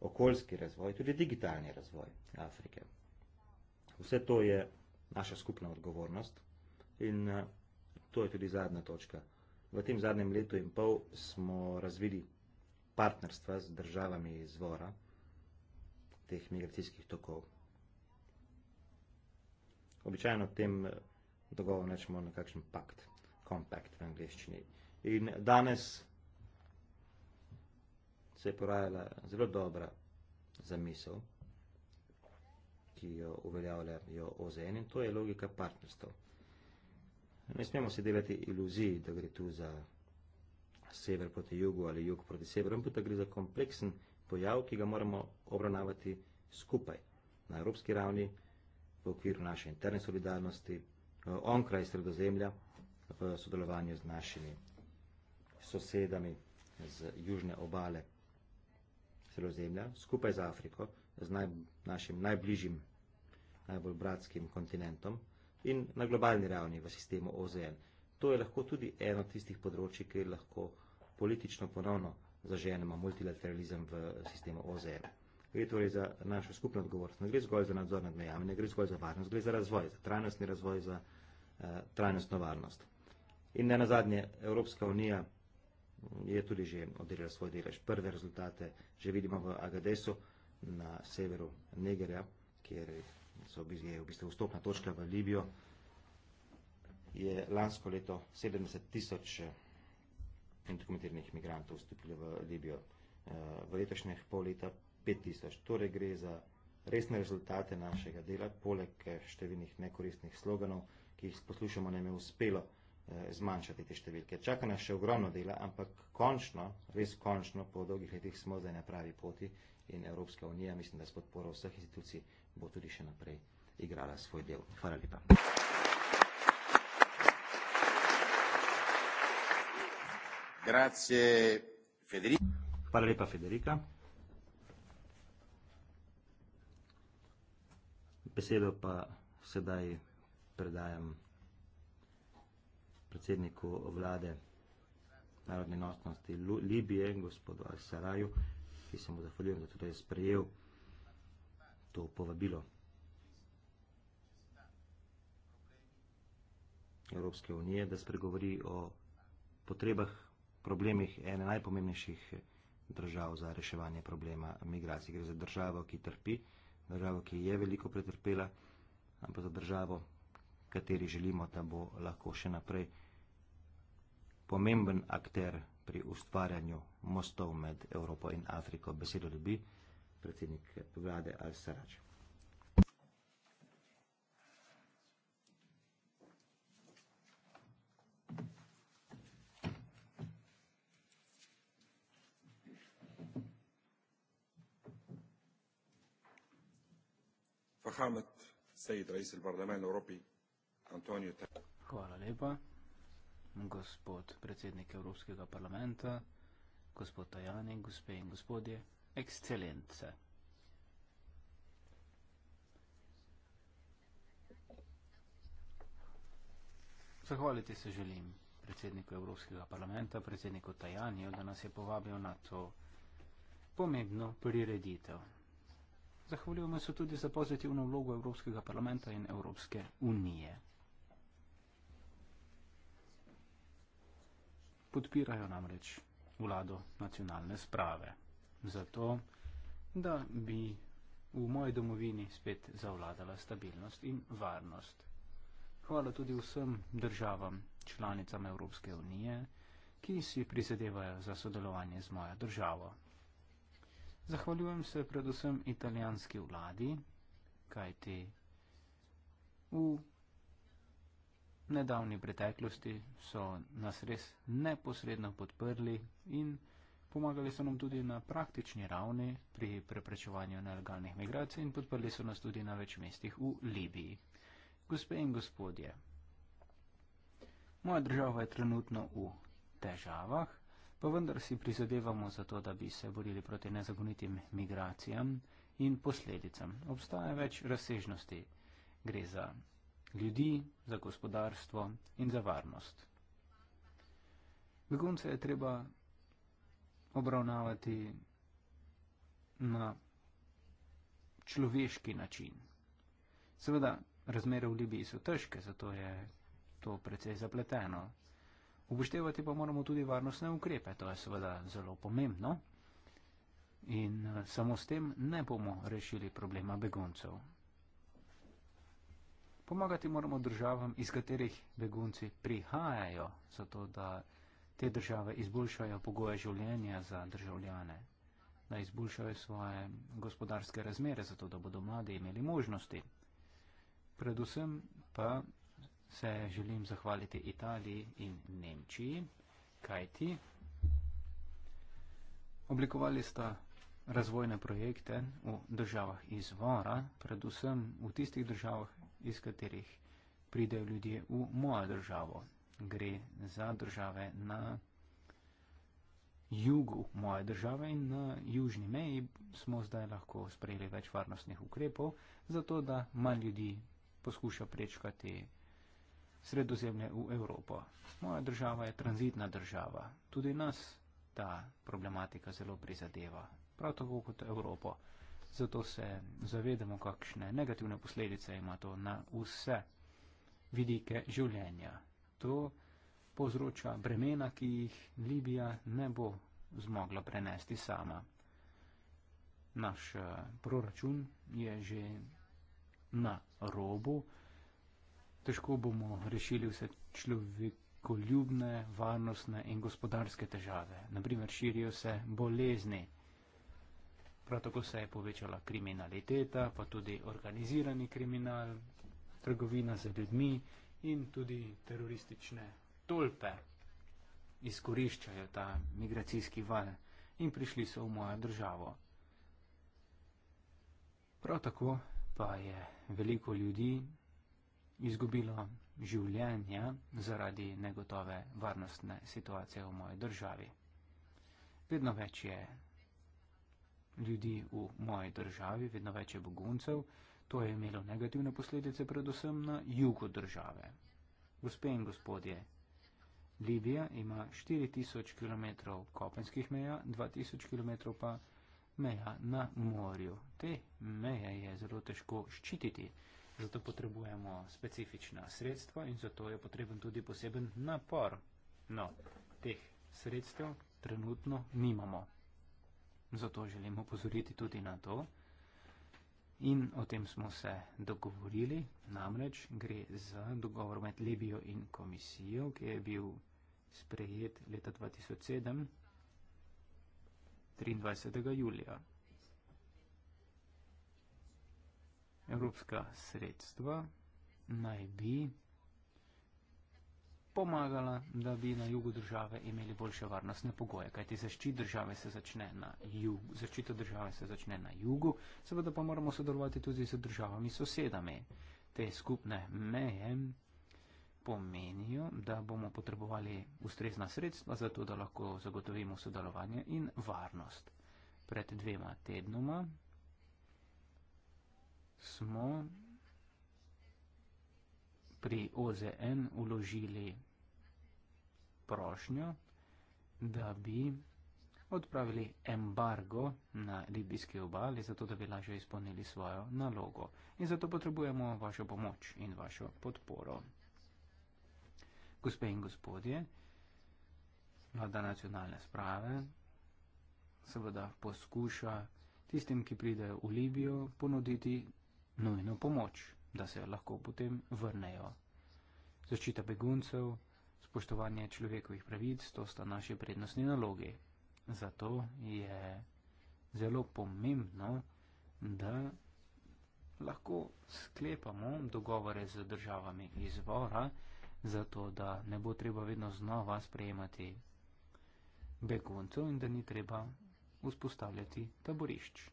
okoljski razvoj, tudi digitalni razvoj Afrike. Vse to je naša skupna odgovornost in eh, to je tudi zadnja točka. V tem zadnjem letu in pol smo razvili partnerstva z državami izvora teh migracijskih tokov. Običajno tem eh, dogovor nečemo na kakšen pakt, compact v angliščini. In danes se je porajala zelo dobra zamisel, ki jo uveljavljajo OZN in to je logika partnerstva. Ne smemo se delati iluziji, da gre tu za sever proti jugu ali jug proti severu, ampak da gre za kompleksen pojav, ki ga moramo obravnavati skupaj na evropski ravni, v okviru naše interne solidarnosti, eh, onkraj sredozemlja, v sodelovanju z našimi sosedami z južne obale sredozemlja, skupaj z Afriko, z naj, našim najbližjim, najbolj bratskim kontinentom in na globalni ravni v sistemu OZN. To je lahko tudi eno tistih področji, kjer lahko politično ponovno zaženemo multilateralizem v sistemu OZN. Gre torej za našo skupno odgovornost. Ne gre zgolj za nadzor nad mejami, ne gre zgolj za varnost, gre za razvoj, za trajnostni razvoj, za uh, trajnostno varnost. In ne nazadnje, Evropska unija je tudi že oddelila svoj delež. Prve rezultate že vidimo v Agadesu na severu Negerja, kjer je v bistvu vstopna točka v Libijo. Je lansko leto 70 tisoč eh, dokumentiranih migrantov vstopili v Libijo. Eh, v letošnjih pol leta 5 tisoč. Torej gre za resne rezultate našega dela, poleg eh, številnih nekoristnih sloganov, ki jih poslušamo, ne me uspelo vstopiti Eh, zmanjšati te številke. Čaka nas še ogromno dela, ampak končno, res končno, po dolgih letih smo zdaj na pravi poti in Evropska unija, mislim, da s podporo vseh institucij, bo tudi še naprej igrala svoj del. Hvala lepa. Grazie, Federica. Hvala lepa, Federica. Besedo pa sedaj predajam predsedniku vlade narodne enostnosti Libije, gospodu Al-Saraju, ki se mu zahvaljujem, da tudi je sprejel to povabilo Evropske unije, da spregovori o potrebah, problemih ene najpomembnejših držav za reševanje problema migracij. Gre za državo, ki trpi, državo, ki je veliko pretrpela, ampak za državo, kateri želimo, da bo lahko še naprej pomemben akter pri ustvarjanju mostov med Evropo in Afriko. Besedo dobi predsednik vlade Al-Sarač. Hamed, sejid, rejsel parlament Evropi, Antonijo Tajani. Hvala lepa, gospod predsednik Evropskega parlamenta, gospod Tajani, gospe in gospodje, ekscelence. Zahvaliti se želim predsedniku Evropskega parlamenta, predsedniku Tajanijo, da nas je povabil na to pomembno prireditev. Zahvaljujemo se tudi za pozitivno vlogo Evropskega parlamenta in Evropske unije. podpirajo namreč vlado nacionalne sprave. Zato, da bi v moji domovini spet zavladala stabilnost in varnost. Hvala tudi vsem državam, članicam Evropske unije, ki si prizadevajo za sodelovanje z mojo državo. Zahvaljujem se predvsem italijanski vladi, kajti v nedavni preteklosti so nas res neposredno podprli in pomagali so nam tudi na praktični ravni pri preprečevanju nelegalnih migracij in podprli so nas tudi na več mestih v Libiji. Gospe in gospodje, moja država je trenutno v težavah, pa vendar si prizadevamo za to, da bi se borili proti nezagonitim migracijam in posledicam. Obstaja več razsežnosti. Gre za ljudi, za gospodarstvo in za varnost. Begunce je treba obravnavati na človeški način. Seveda, razmere v Libiji so težke, zato je to precej zapleteno. Upoštevati pa moramo tudi varnostne ukrepe, to je seveda zelo pomembno. In eh, samo s tem ne bomo rešili problema beguncev. Pomagati moramo državam, iz katerih begunci prihajajo, zato da te države izboljšajo pogoje življenja za državljane, da izboljšajo svoje gospodarske razmere, zato da bodo mladi imeli možnosti. Predvsem pa se želim zahvaliti Italiji in Nemčiji, kajti oblikovali sta razvojne projekte v državah izvora, predvsem v tistih državah, iz katerih pridejo ljudje v mojo državo. Gre za države na jugu moje države in na južni meji smo zdaj lahko sprejeli več varnostnih ukrepov, zato da manj ljudi poskuša prečkati sredozemlje v Evropo. Moja država je tranzitna država. Tudi nas ta problematika zelo prizadeva. Prav tako kot Evropo zato se zavedamo, kakšne negativne posledice ima to na vse vidike življenja. To povzroča bremena, ki jih Libija ne bo zmogla prenesti sama. Naš eh, proračun je že na robu, težko bomo rešili vse človekoljubne, varnostne in gospodarske težave. Naprimer, širijo se bolezni. Prav tako se je povečala kriminaliteta, pa tudi organizirani kriminal, trgovina z ljudmi in tudi teroristične tolpe izkoriščajo ta migracijski val in prišli so v mojo državo. Prav tako pa je veliko ljudi izgubilo življenje zaradi negotove varnostne situacije v moji državi. Vedno več je ljudi v moji državi, vedno več je beguncev. To je imelo negativne posledice predvsem na jugu države. Gospe in gospodje, Libija ima 4000 km kopenskih meja, 2000 km pa meja na morju. Te meje je zelo težko ščititi, zato potrebujemo specifična sredstva in zato je potreben tudi poseben napor. No, teh sredstev trenutno nimamo. Zato želimo pozoriti tudi na to. In o tem smo se dogovorili, namreč gre za dogovor med Libijo in komisijo, ki je bil sprejet leta 2007, 23. julija. Evropska sredstva naj bi pomagala, da bi na jugu države imeli boljše varnostne pogoje, kajti zaščit države se začne na jugu, zaščita države se začne na jugu, seveda pa moramo sodelovati tudi z državami sosedami. Te skupne meje pomenijo, da bomo potrebovali ustrezna sredstva za to, da lahko zagotovimo sodelovanje in varnost. Pred dvema tednoma smo pri OZN vložili prošnjo, da bi odpravili embargo na libijski obali, zato da bi lažje izpolnili svojo nalogo. In zato potrebujemo vašo pomoč in vašo podporo. Gospe in gospodje, vlada nacionalne sprave seveda poskuša tistim, ki pridejo v Libijo, ponuditi nujno pomoč, da se lahko potem vrnejo. Zaščita beguncev, spoštovanje človekovih pravic, to sta naše prednostni nalogi. Zato je zelo pomembno, da lahko sklepamo dogovore z državami izvora, zato da ne bo treba vedno znova sprejemati beguncev in da ni treba vzpostavljati taborišč.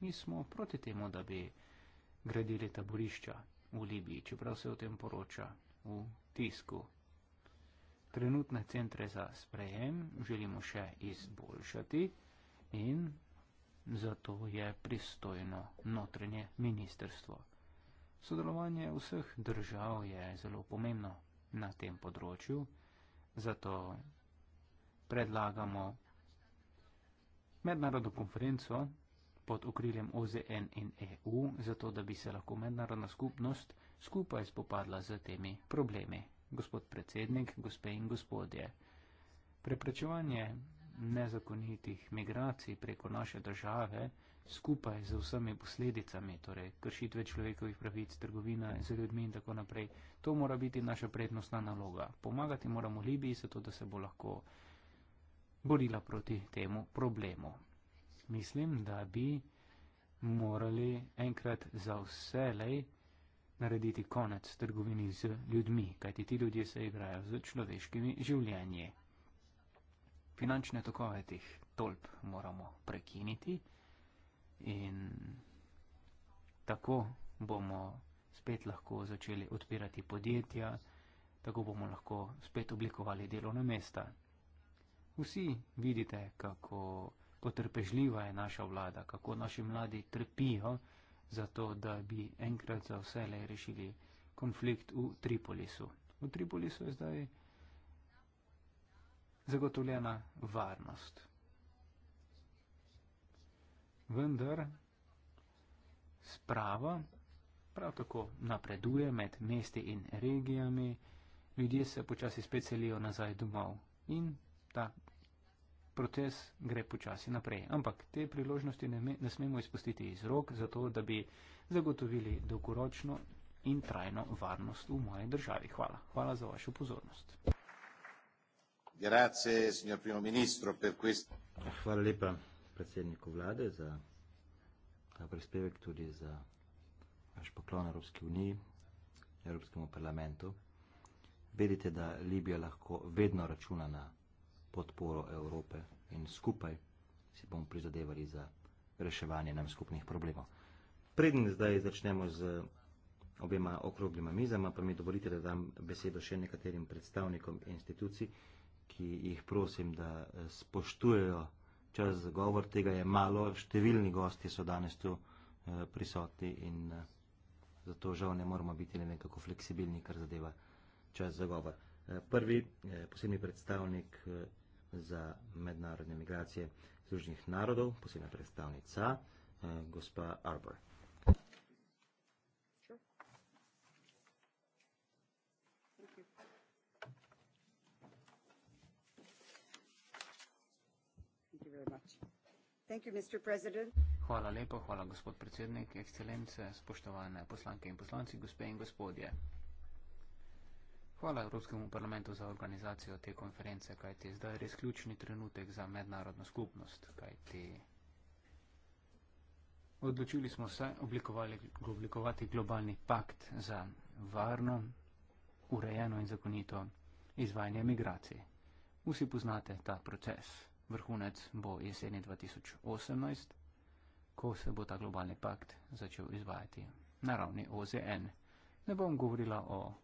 Mi smo proti temu, da bi gradili taborišča v Libiji, čeprav se o tem poroča v tisku trenutne centre za sprejem želimo še izboljšati in zato je pristojno notranje ministerstvo. Sodelovanje vseh držav je zelo pomembno na tem področju, zato predlagamo mednarodno konferenco pod okriljem OZN in EU, zato da bi se lahko mednarodna skupnost skupaj spopadla z temi problemi gospod predsednik, gospe in gospodje. Preprečevanje nezakonitih migracij preko naše države skupaj z vsemi posledicami, torej kršitve človekovih pravic, trgovina z ljudmi in tako naprej, to mora biti naša prednostna naloga. Pomagati moramo Libiji, zato da se bo lahko borila proti temu problemu. Mislim, da bi morali enkrat za vselej narediti konec trgovini z ljudmi, kajti ti ljudje se igrajo z človeškimi življenji. Finančne tokove teh tolp moramo prekiniti in tako bomo spet lahko začeli odpirati podjetja, tako bomo lahko spet oblikovali delovna mesta. Vsi vidite, kako potrpežljiva je naša vlada, kako naši mladi trpijo, zato, da bi enkrat za vsele rešili konflikt v Tripolisu. V Tripolisu je zdaj zagotovljena varnost. Vendar sprava prav tako napreduje med mesti in regijami, ljudje se počasi spet selijo nazaj domov in ta proces gre počasi naprej. Ampak te priložnosti ne, ne smemo izpustiti iz rok, zato da bi zagotovili dolgoročno in trajno varnost v moji državi. Hvala. Hvala za vašo pozornost. Grazie, signor primo ministro, per questo. Hvala lepa predsedniku vlade za ta prispevek, tudi za vaš poklon Evropski uniji, Evropskemu parlamentu. Vedite, da Libija lahko vedno računa na podporo Evrope in skupaj si bomo prizadevali za reševanje nam skupnih problemov. Preden zdaj začnemo z obema okroglima mizama, pa mi dovolite, da dam besedo še nekaterim predstavnikom institucij, ki jih prosim, da eh, spoštujejo čas za govor. Tega je malo, številni gosti so danes tu eh, prisotni in eh, zato žal ne moramo biti nekako fleksibilni, kar zadeva čas za govor. Eh, prvi eh, posebni predstavnik eh, za mednarodne migracije Združenih narodov, posebna predstavnica, gospa Arbor. Hvala lepa, hvala gospod predsednik, ekscelence, spoštovane poslanke in poslanci, gospe in gospodje. Hvala Evropskemu parlamentu za organizacijo te konference, kajti zdaj je res ključni trenutek za mednarodno skupnost, kajti odločili smo se oblikovati globalni pakt za varno, urejeno in zakonito izvajanje migracij. Vsi poznate ta proces. Vrhunec bo jeseni 2018, ko se bo ta globalni pakt začel izvajati na ravni OZN. Ne bom govorila o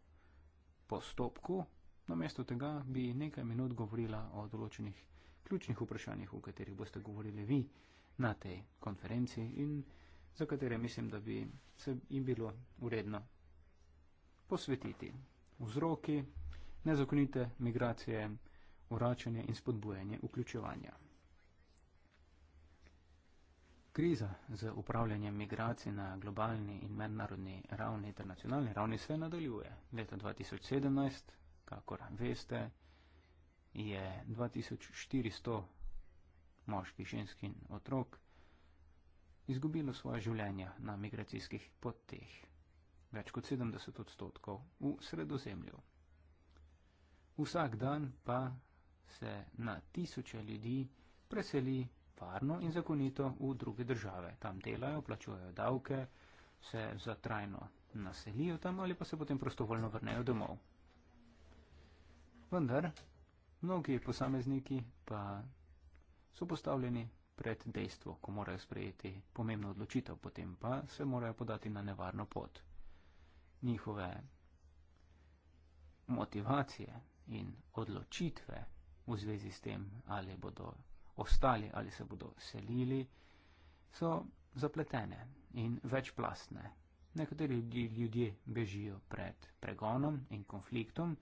postopku, namesto tega bi nekaj minut govorila o določenih ključnih vprašanjih, o katerih boste govorili vi na tej konferenci in za katere mislim, da bi se jim bilo uredno posvetiti. Vzroki nezakonite migracije, vračanje in spodbujanje vključevanja. Kriza z upravljanjem migracij na globalni in mednarodni ravni, internacionalni ravni se nadaljuje. Leta 2017, kakor veste, je 2400 moških, žensk in otrok izgubilo svoje življenja na migracijskih poteh. Več kot 70 odstotkov v sredozemlju. Vsak dan pa se na tisoče ljudi preseli varno in zakonito v druge države. Tam delajo, plačujejo davke, se zatrajno naselijo tam ali pa se potem prostovoljno vrnejo domov. Vendar, mnogi posamezniki pa so postavljeni pred dejstvo, ko morajo sprejeti pomembno odločitev, potem pa se morajo podati na nevarno pot. Njihove motivacije in odločitve v zvezi s tem, ali bodo ostali ali se bodo selili, so zapletene in večplastne. Nekateri ljudje bežijo pred pregonom in konfliktom,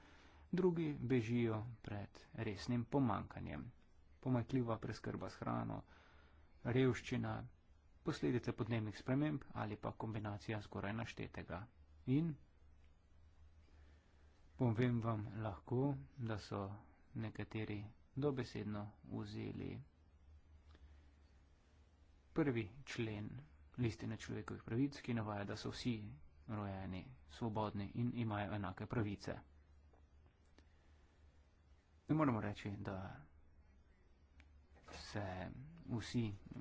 drugi bežijo pred resnim pomankanjem. Pomakljiva preskrba s hrano, revščina, posledice podnebnih sprememb ali pa kombinacija skoraj naštetega. In povem vam lahko, da so nekateri dobesedno vzeli prvi člen listine človekovih pravic, ki navaja, da so vsi rojeni svobodni in imajo enake pravice. Mi moramo reči, da se vsi mm,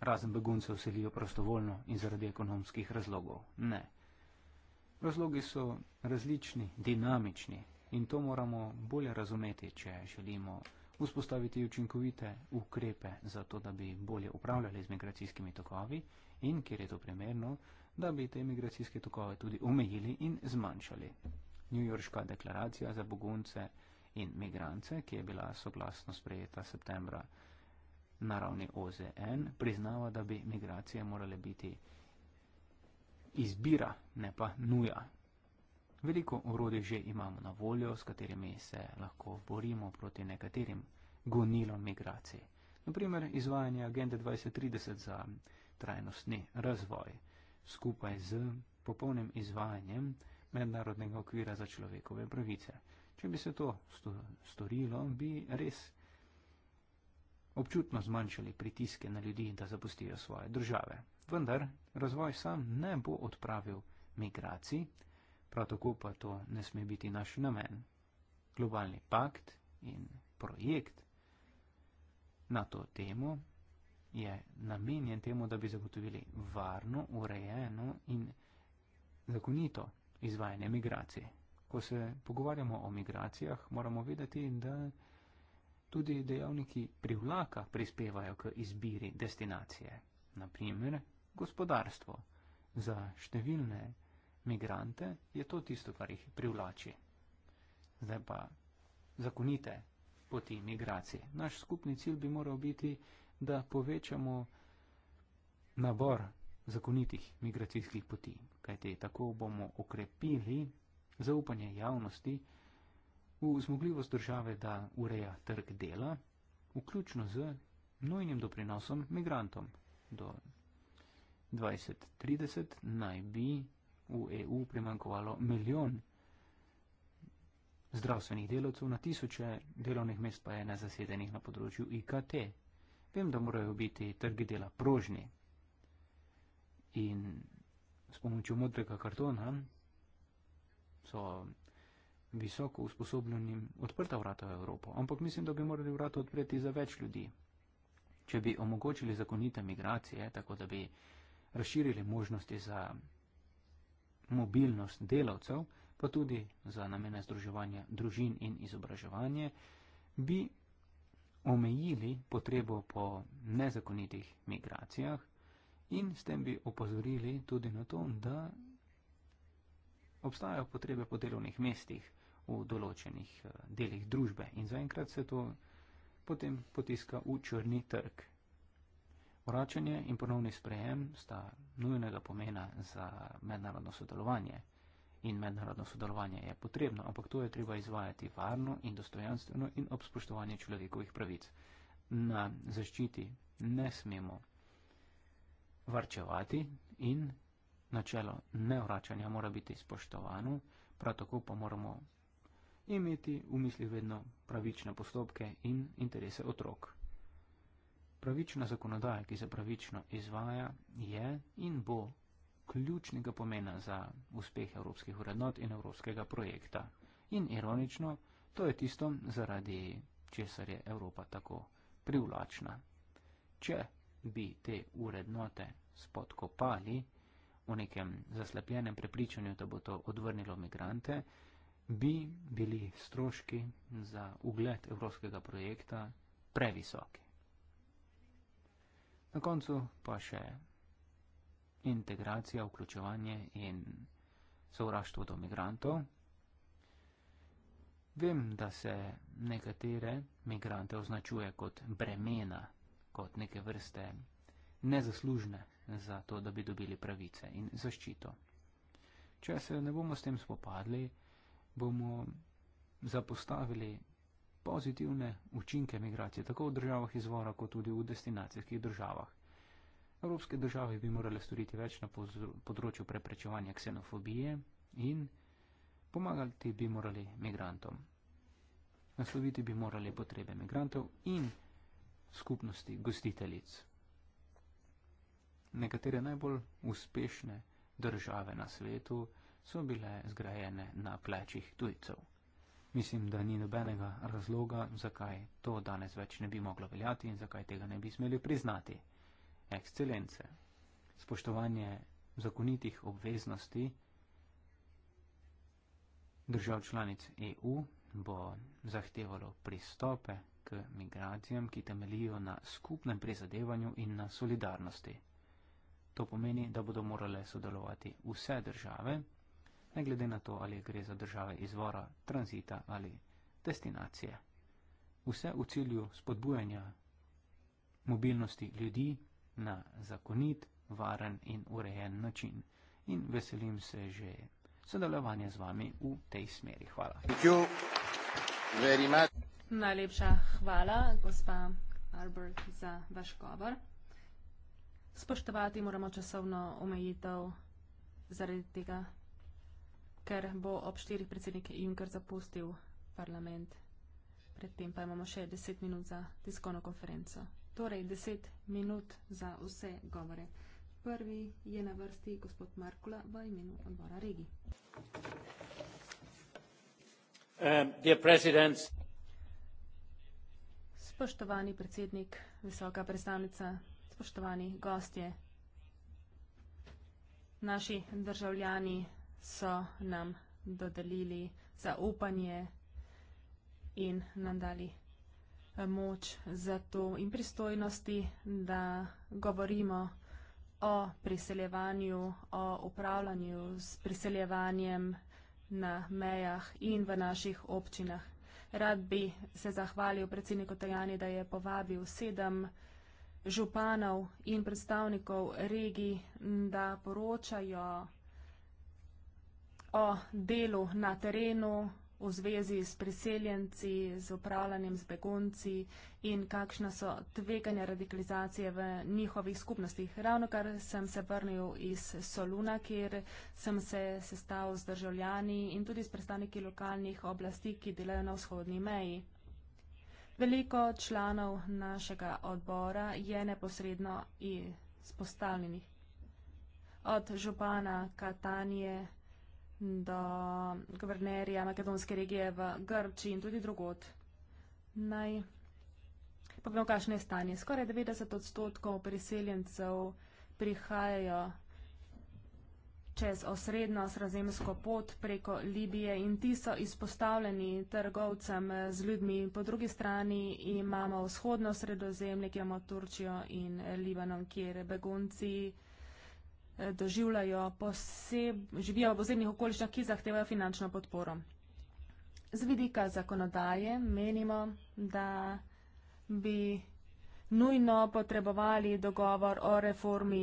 razen beguncev selijo prostovoljno in zaradi ekonomskih razlogov. Ne. Razlogi so različni, dinamični in to moramo bolje razumeti, če želimo razumeti vzpostaviti učinkovite ukrepe za to, da bi bolje upravljali z migracijskimi tokovi in, kjer je to primerno, da bi te migracijske tokove tudi omejili in zmanjšali. New Yorkska deklaracija za begunce in migrance, ki je bila soglasno sprejeta septembra na ravni OZN, priznava, da bi migracije morale biti izbira, ne pa nuja Veliko orodij že imamo na voljo, s katerimi se lahko borimo proti nekaterim gonilom migracije. Naprimer, izvajanje agende 2030 za trajnostni razvoj skupaj z popolnim izvajanjem mednarodnega okvira za človekove pravice. Če bi se to storilo, bi res občutno zmanjšali pritiske na ljudi, da zapustijo svoje države. Vendar razvoj sam ne bo odpravil migracij, prav tako pa to ne sme biti naš namen. Globalni pakt in projekt na to temo je namenjen temu, da bi zagotovili varno, urejeno in zakonito izvajanje migracije. Ko se pogovarjamo o migracijah, moramo vedeti, da tudi dejavniki privlaka prispevajo k izbiri destinacije. Naprimer, gospodarstvo. Za številne migrante, je to tisto, kar jih privlači. Zdaj pa zakonite poti migracije. Naš skupni cilj bi moral biti, da povečamo nabor zakonitih migracijskih poti, kajte tako bomo okrepili zaupanje javnosti v zmogljivost države, da ureja trg dela, vključno z nujnim doprinosom migrantom. Do 2030 naj bi v EU primankovalo milijon zdravstvenih delovcev, na tisoče delovnih mest pa je nezasedenih na področju IKT. Vem, da morajo biti trgi dela prožni in s pomočjo modrega kartona so visoko usposobljeni odprta vrata v Evropo. Ampak mislim, da bi morali vrata odpreti za več ljudi. Če bi omogočili zakonite migracije, tako da bi razširili možnosti za mobilnost delavcev, pa tudi za namene združevanja družin in izobraževanje, bi omejili potrebo po nezakonitih migracijah in s tem bi opozorili tudi na to, da obstajajo potrebe po delovnih mestih v določenih eh, delih družbe in zaenkrat se to potem potiska v črni trg Vračanje in ponovni sprejem sta nujnega pomena za mednarodno sodelovanje. In mednarodno sodelovanje je potrebno, ampak to je treba izvajati varno in dostojanstveno in ob spoštovanju človekovih pravic. Na zaščiti ne smemo varčevati in načelo nevračanja mora biti spoštovano, prav tako pa moramo imeti v misli vedno pravične postopke in interese otrok. Pravična zakonodaja, ki se pravično izvaja, je in bo ključnega pomena za uspeh evropskih vrednot in evropskega projekta. In ironično, to je tisto, zaradi česar je Evropa tako privlačna. Če bi te urednote spodkopali v nekem zaslepljenem prepričanju, da bo to odvrnilo migrante, bi bili stroški za ugled evropskega projekta previsoki. Na koncu pa še integracija, vključevanje in sovraštvo do migrantov. Vem, da se nekatere migrante označuje kot bremena, kot neke vrste nezaslužne za to, da bi dobili pravice in zaščito. Če se ne bomo s tem spopadli, bomo zapostavili pozitivne učinke migracije, tako v državah izvora, kot tudi v destinacijskih državah. Evropske države bi morale storiti več na področju preprečevanja ksenofobije in pomagati bi morali migrantom. Nasloviti bi morali potrebe migrantov in skupnosti gostiteljic. Nekatere najbolj uspešne države na svetu so bile zgrajene na plečih tujcev. Mislim, da ni nobenega razloga, zakaj to danes več ne bi moglo veljati in zakaj tega ne bi smeli priznati. Ekscelence, spoštovanje zakonitih obveznosti držav članic EU bo zahtevalo pristope k migracijam, ki temelijo na skupnem prizadevanju in na solidarnosti. To pomeni, da bodo morale sodelovati vse države, ne glede na to, ali gre za države izvora, tranzita ali destinacije. Vse v cilju spodbujanja mobilnosti ljudi na zakonit, varen in urejen način. In veselim se že sodelovanja z vami v tej smeri. Hvala. Najlepša hvala, gospa Arbert, za vaš govor. Spoštovati moramo časovno omejitev zaradi tega ker bo ob štirih predsednik Juncker zapustil parlament. Predtem pa imamo še deset minut za tiskovno konferenco. Torej, deset minut za vse govore. Prvi je na vrsti gospod Markula v imenu odbora Regi. Um, spoštovani predsednik, visoka predstavnica, spoštovani gostje, naši državljani, so nam dodelili zaupanje in nam dali eh, moč za to in pristojnosti, da govorimo o priseljevanju, o upravljanju s priseljevanjem na mejah in v naših občinah. Rad bi se zahvalil predsedniku Tajani, da je povabil sedem županov in predstavnikov regij, da poročajo o delu na terenu v zvezi s priseljenci, z upravljanjem z begunci in kakšna so tveganja radikalizacije v njihovih skupnostih. Ravno kar sem se vrnil iz Soluna, kjer sem se sestavil z državljani in tudi s predstavniki lokalnih oblasti, ki delajo na vzhodni meji. Veliko članov našega odbora je neposredno izpostavljenih. Od župana Katanije do guvernerja makedonske regije v Grčiji in tudi drugot. Naj povem, kakšno je stanje. Skoraj 90 odstotkov priseljencev prihajajo čez osrednjo sredzemsko pot preko Libije in ti so izpostavljeni trgovcem z ljudmi. Po drugi strani imamo vzhodno sredozemlje, ki imamo Turčijo in Libanon, kjer begunci doživljajo, poseb, živijo v ozemnih okoliščinah, ki zahtevajo finančno podporo. Z vidika zakonodaje menimo, da bi nujno potrebovali dogovor o reformi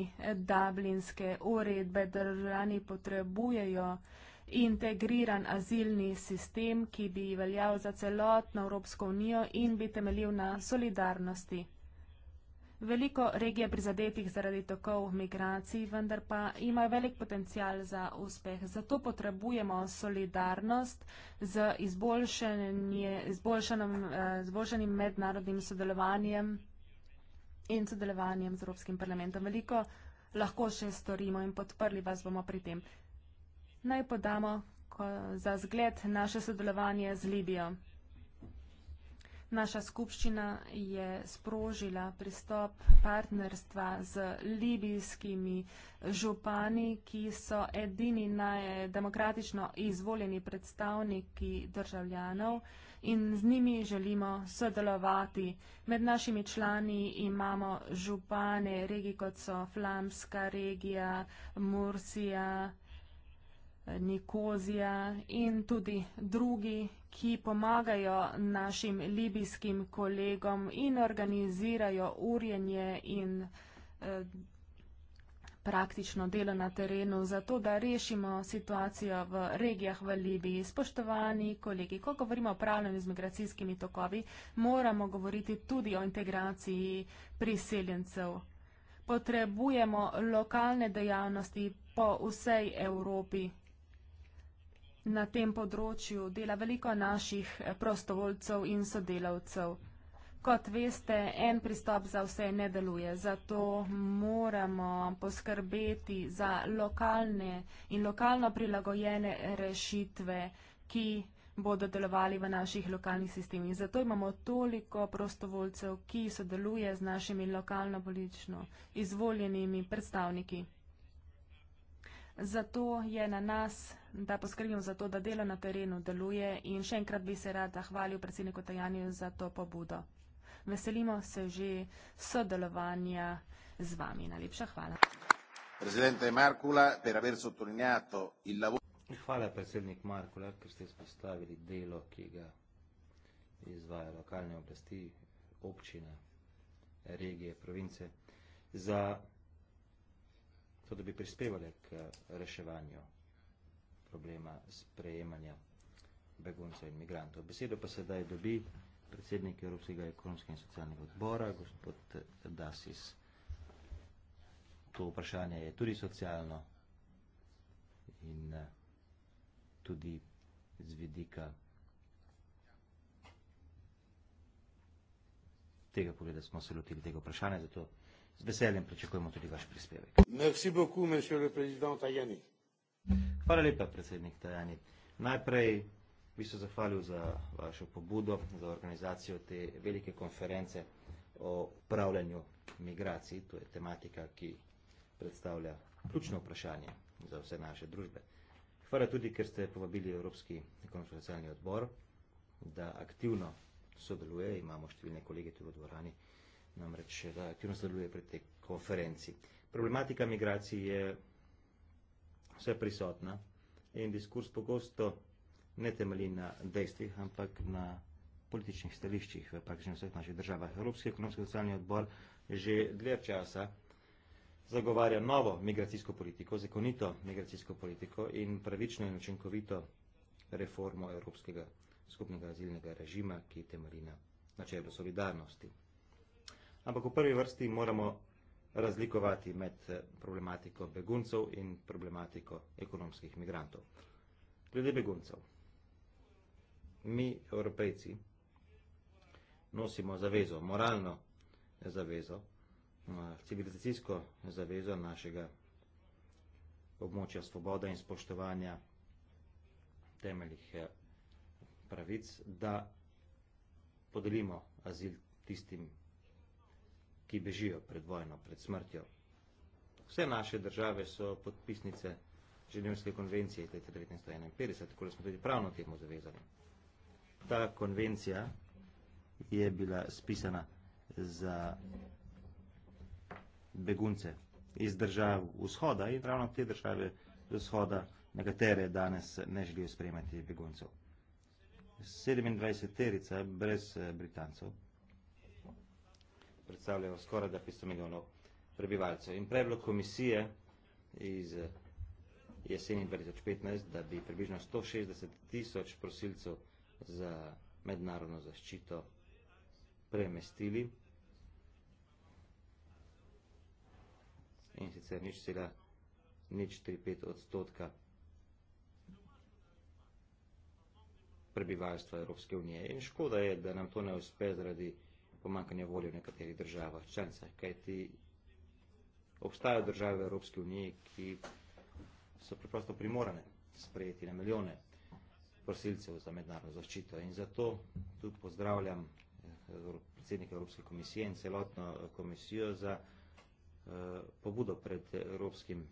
Dublinske uredbe. Državljani potrebujejo integriran azilni sistem, ki bi veljal za celotno Evropsko unijo in bi temeljil na solidarnosti veliko regij je prizadetih zaradi tokov migracij, vendar pa ima velik potencial za uspeh. Zato potrebujemo solidarnost z eh, izboljšanim mednarodnim sodelovanjem in sodelovanjem z Evropskim parlamentom. Veliko lahko še storimo in podprli vas bomo pri tem. Naj podamo za zgled naše sodelovanje z Libijo. Naša skupščina je sprožila pristop partnerstva z libijskimi župani, ki so edini najdemokratično izvoljeni predstavniki državljanov in z njimi želimo sodelovati. Med našimi člani imamo župane regij, kot so Flamska regija, Mursija, Nikozija in tudi drugi, ki pomagajo našim libijskim kolegom in organizirajo urjenje in eh, praktično delo na terenu, zato da rešimo situacijo v regijah v Libiji. Spoštovani kolegi, ko govorimo o upravljanju z migracijskimi tokovi, moramo govoriti tudi o integraciji priseljencev. Potrebujemo lokalne dejavnosti po vsej Evropi na tem področju dela veliko naših eh, prostovoljcev in sodelavcev. Kot veste, en pristop za vse ne deluje, zato moramo poskrbeti za lokalne in lokalno prilagojene rešitve, ki bodo delovali v naših lokalnih sistemih. Zato imamo toliko prostovoljcev, ki sodeluje z našimi lokalno-politično izvoljenimi predstavniki. Zato je na nas, da poskrbimo za to, da delo na terenu deluje in še enkrat bi se rada hvalil predsedniku Tajanju za to pobudo. Veselimo se že sodelovanja z vami. Najlepša hvala. Hvala, predsednik Markula, ker ste izpostavili delo, ki ga izvaja lokalne oblasti, občine, regije, province za to, da bi prispevali k reševanju problema sprejemanja beguncev in migrantov. Besedo pa sedaj dobi predsednik Evropskega ekonomskega in socialnega odbora, gospod Dasis. To vprašanje je tudi socialno in eh, tudi z vidika tega pogleda smo se lotili tega vprašanja, zato Z veseljem pričakujemo tudi vaš prispevek. Hvala lepa, predsednik Tajani. Najprej bi se zahvalil za vašo pobudo, za organizacijo te velike konference o upravljanju migracij. To je tematika, ki predstavlja ključno vprašanje za vse naše družbe. Hvala tudi, ker ste povabili Evropski konferencialni odbor, da aktivno sodeluje. Imamo številne kolege tudi v dvorani namreč, ki nas deluje pri tej konferenci. Problematika migracij je vse prisotna in diskurs pogosto ne temelji na dejstvih, ampak na političnih stališčih v praktično vseh naših državah. Evropski ekonomski socialni odbor že dlje časa zagovarja novo migracijsko politiko, zakonito migracijsko politiko in pravično in učinkovito reformo evropskega skupnega azilnega režima, ki temelji na načelu solidarnosti ampak v prvi vrsti moramo razlikovati med eh, problematiko beguncev in problematiko ekonomskih migrantov. Glede beguncev. Mi, evropejci, nosimo zavezo, moralno zavezo, eh, civilizacijsko zavezo našega območja svoboda in spoštovanja temeljih eh, pravic, da podelimo azil tistim ki bežijo pred vojno, pred smrtjo. Vse naše države so podpisnice Ženevske konvencije iz 1951, tako da smo tudi pravno temu zavezani. Ta konvencija je bila spisana za begunce iz držav vzhoda in ravno te države vzhoda nekatere danes ne želijo sprejemati beguncev. 27 terica brez eh, Britancov predstavljajo skoraj da 500 milijonov prebivalcev. In predlog komisije iz eh, jeseni 2015, da bi približno 160 tisoč prosilcev za mednarodno zaščito premestili in sicer nič sila, nič 3-5 odstotka prebivalstva Evropske unije. In škoda je, da nam to ne uspe zaradi pomankanja volje v nekaterih državah, članicah, kajti obstajajo države Evropske unije, ki so preprosto primorane sprejeti na milijone prosilcev za mednarodno zaščito in zato tudi pozdravljam eh, predsednika Evropske komisije in celotno eh, komisijo za eh, pobudo pred Evropskim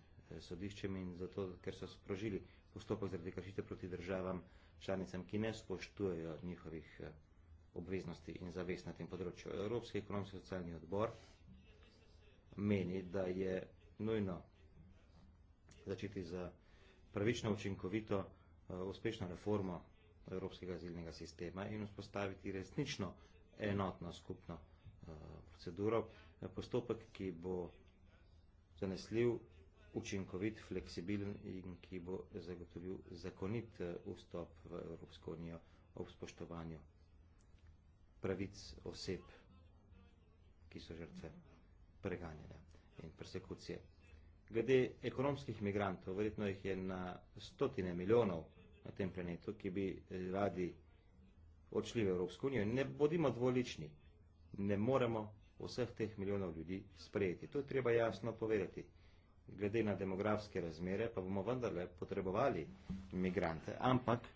sodiščem in zato, ker so sprožili postopek zaradi kršitev proti državam članicam, ki ne spoštujejo njihovih obveznosti in zavez na tem področju. Evropski ekonomski socialni odbor meni, da je nujno začeti za pravično učinkovito eh, uspešno reformo evropskega azilnega sistema in vzpostaviti resnično enotno skupno eh, proceduro, eh, postopek, ki bo zanesljiv, učinkovit, fleksibilen in ki bo zagotovil zakonit vstop v Evropsko unijo ob spoštovanju pravic oseb, ki so žrtve preganjanja in persekucije. Glede ekonomskih migrantov, verjetno jih je na stotine milijonov na tem planetu, ki bi eh, radi odšli v Evropsko unijo. Ne bodimo dvolični, ne moremo vseh teh milijonov ljudi sprejeti. To je treba jasno povedati. Glede na demografske razmere pa bomo vendarle potrebovali migrante, ampak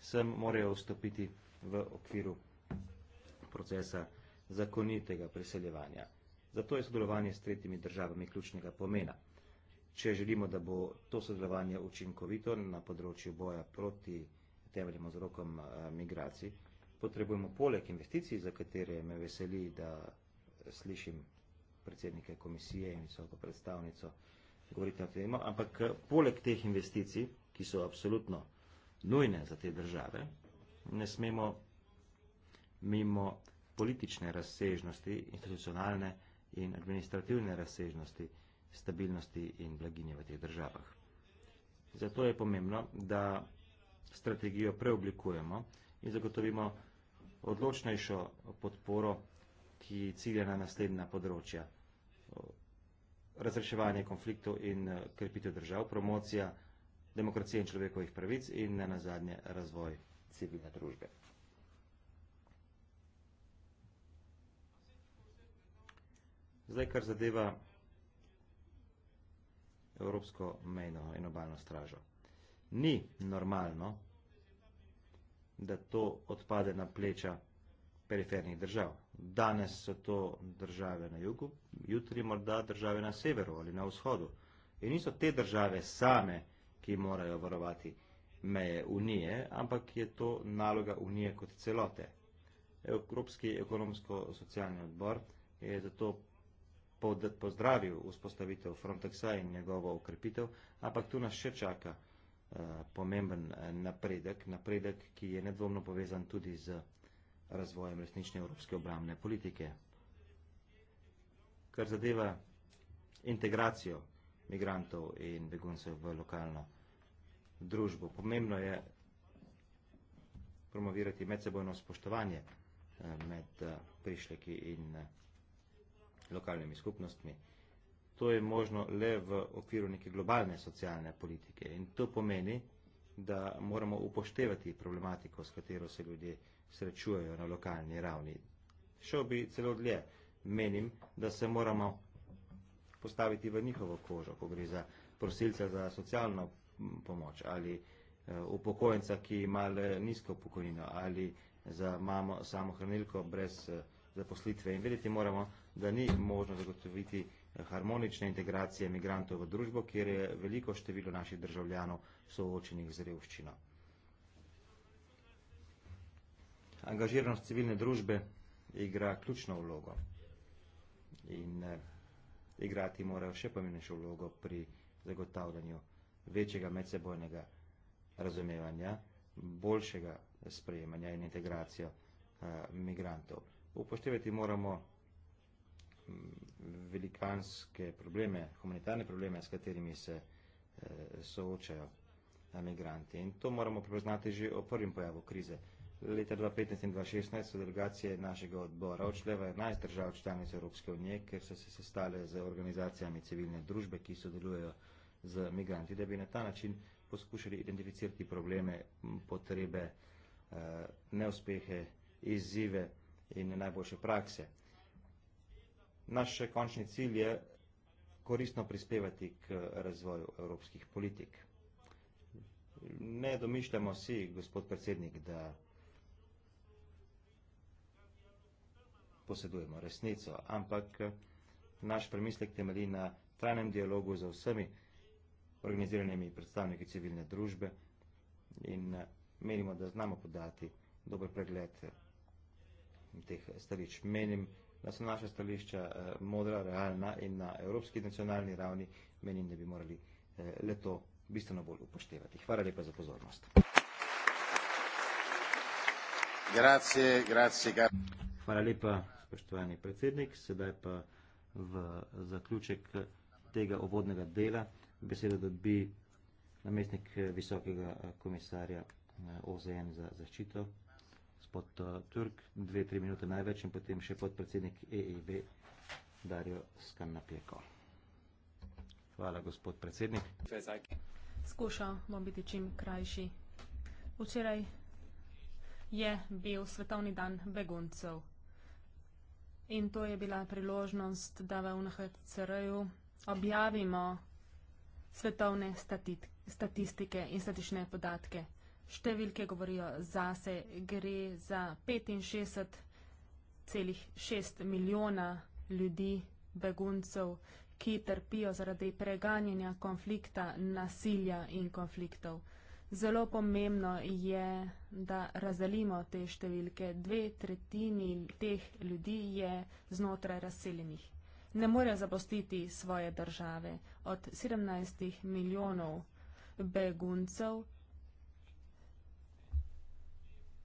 sem morajo vstopiti v okviru procesa zakonitega preseljevanja. Zato je sodelovanje s tretjimi državami ključnega pomena. Če želimo, da bo to sodelovanje učinkovito na področju boja proti temeljem ozrokom eh, migracij, potrebujemo poleg investicij, za katere me veseli, da slišim predsednike komisije in visoko predstavnico govoriti na temo, ampak eh, poleg teh investicij, ki so absolutno nujne za te države, ne smemo mimo politične razsežnosti, institucionalne in administrativne razsežnosti stabilnosti in blaginje v teh državah. Zato je pomembno, da strategijo preoblikujemo in zagotovimo odločnejšo podporo, ki cilja na naslednja področja. Razreševanje konfliktov in eh, krepitev držav, promocija demokracije in človekovih pravic in na nazadnje razvoj civilne družbe. Zdaj, kar zadeva Evropsko mejno in obaljno stražo. Ni normalno, da to odpade na pleča perifernih držav. Danes so to države na jugu, jutri morda države na severu ali na vzhodu. In niso te države same, ki morajo varovati meje Unije, ampak je to naloga Unije kot celote. Evropski ekonomsko-socialni odbor je zato pozdravil vzpostavitev Frontexa in njegovo ukrepitev, ampak tu nas še čaka eh, pomemben eh, napredek, napredek, ki je nedvomno povezan tudi z razvojem resnične evropske obramne politike. Kar zadeva integracijo migrantov in beguncev v lokalno družbo. Pomembno je promovirati medsebojno spoštovanje eh, med prišleki in prišleki lokalnimi skupnostmi. To je možno le v okviru neke globalne socialne politike in to pomeni, da moramo upoštevati problematiko, s katero se ljudje srečujejo na lokalni ravni. Šel bi celo dlje, menim, da se moramo postaviti v njihovo kožo, ko gre za prosilca za socialno pomoč ali eh, upokojenca, ki ima le nizko pokojnino ali za mamo samohranilko brez eh, zaposlitve in vedeti moramo, da ni možno zagotoviti eh, harmonične integracije migrantov v družbo, kjer je veliko število naših državljanov soočenih z revščino. Angažiranost civilne družbe igra ključno vlogo in eh, igrati morajo še pomembnejšo vlogo pri zagotavljanju večjega medsebojnega razumevanja, boljšega sprejemanja in integracijo eh, migrantov. Upoštevati moramo velikanske probleme, humanitarne probleme, s katerimi se eh, soočajo emigranti. Eh, in to moramo prepoznati že o prvim pojavu krize. Leta 2015 in 2016 so delegacije našega odbora odšle v 11 držav članic Evropske unije, ker so se sestale z organizacijami civilne družbe, ki sodelujejo z migranti, da bi na ta način poskušali identificirati probleme, potrebe, eh, neuspehe, izzive in najboljše prakse. Naš končni cilj je koristno prispevati k razvoju evropskih politik. Ne domišljamo si, gospod predsednik, da posedujemo resnico, ampak naš premislek temelji na trajnem dialogu za vsemi organiziranimi predstavniki civilne družbe in menimo, da znamo podati dober pregled teh starič. Menim, da so naše stališča eh, modra, realna in na evropski nacionalni ravni menim, da bi morali eh, leto bistveno bolj upoštevati. Hvala lepa za pozornost. Grazie, grazie. Hvala lepa, spoštovani predsednik. Sedaj pa v zaključek tega uvodnega dela beseda dobi namestnik eh, visokega komisarja OZN za zaščito gospod eh, Turk, dve, tri minute največ in potem še podpredsednik EEB Darjo Skanapjeko. Hvala, gospod predsednik. Skušal bom biti čim krajši. Včeraj je bil svetovni dan beguncev. In to je bila priložnost, da v UNHCR-ju objavimo svetovne statit, statistike in statične podatke številke govorijo zase, gre za 65,6 milijona ljudi, beguncev, ki trpijo zaradi preganjanja konflikta, nasilja in konfliktov. Zelo pomembno je, da razdelimo te številke. Dve tretjini teh ljudi je znotraj razseljenih. Ne morejo zapustiti svoje države. Od 17 milijonov beguncev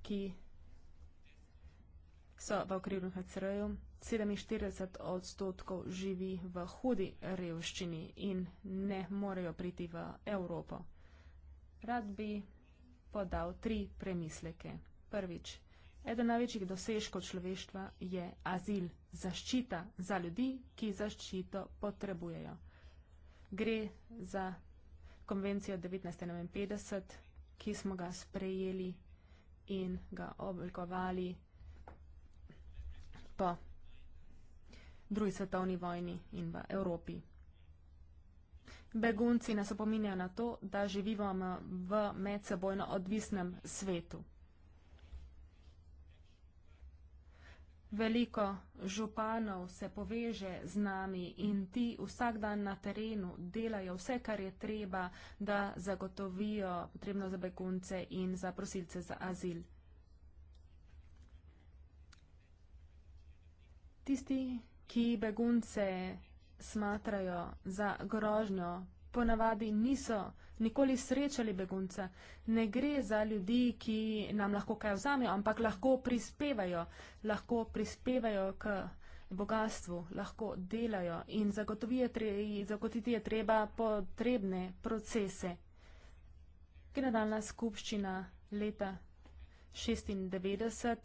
ki so v okrilu HCR-ju, 47 odstotkov živi v hudi revščini in ne morejo priti v Evropo. Rad bi podal tri premisleke. Prvič. Eden največjih dosežkov človeštva je azil, zaščita za ljudi, ki zaščito potrebujejo. Gre za konvencijo 1951, ki smo ga sprejeli in ga oblikovali po drugi svetovni vojni in v Evropi. Begunci nas opominjajo na to, da živimo v medsebojno odvisnem svetu. Veliko županov se poveže z nami in ti vsak dan na terenu delajo vse, kar je treba, da zagotovijo potrebno za begunce in za prosilce za azil. Tisti, ki begunce smatrajo za grožnjo ponavadi niso nikoli srečali begunca. Ne gre za ljudi, ki nam lahko kaj vzamejo, ampak lahko prispevajo, lahko prispevajo k bogatstvu, lahko delajo in zagotoviti je treba potrebne procese. Generalna skupščina leta 1996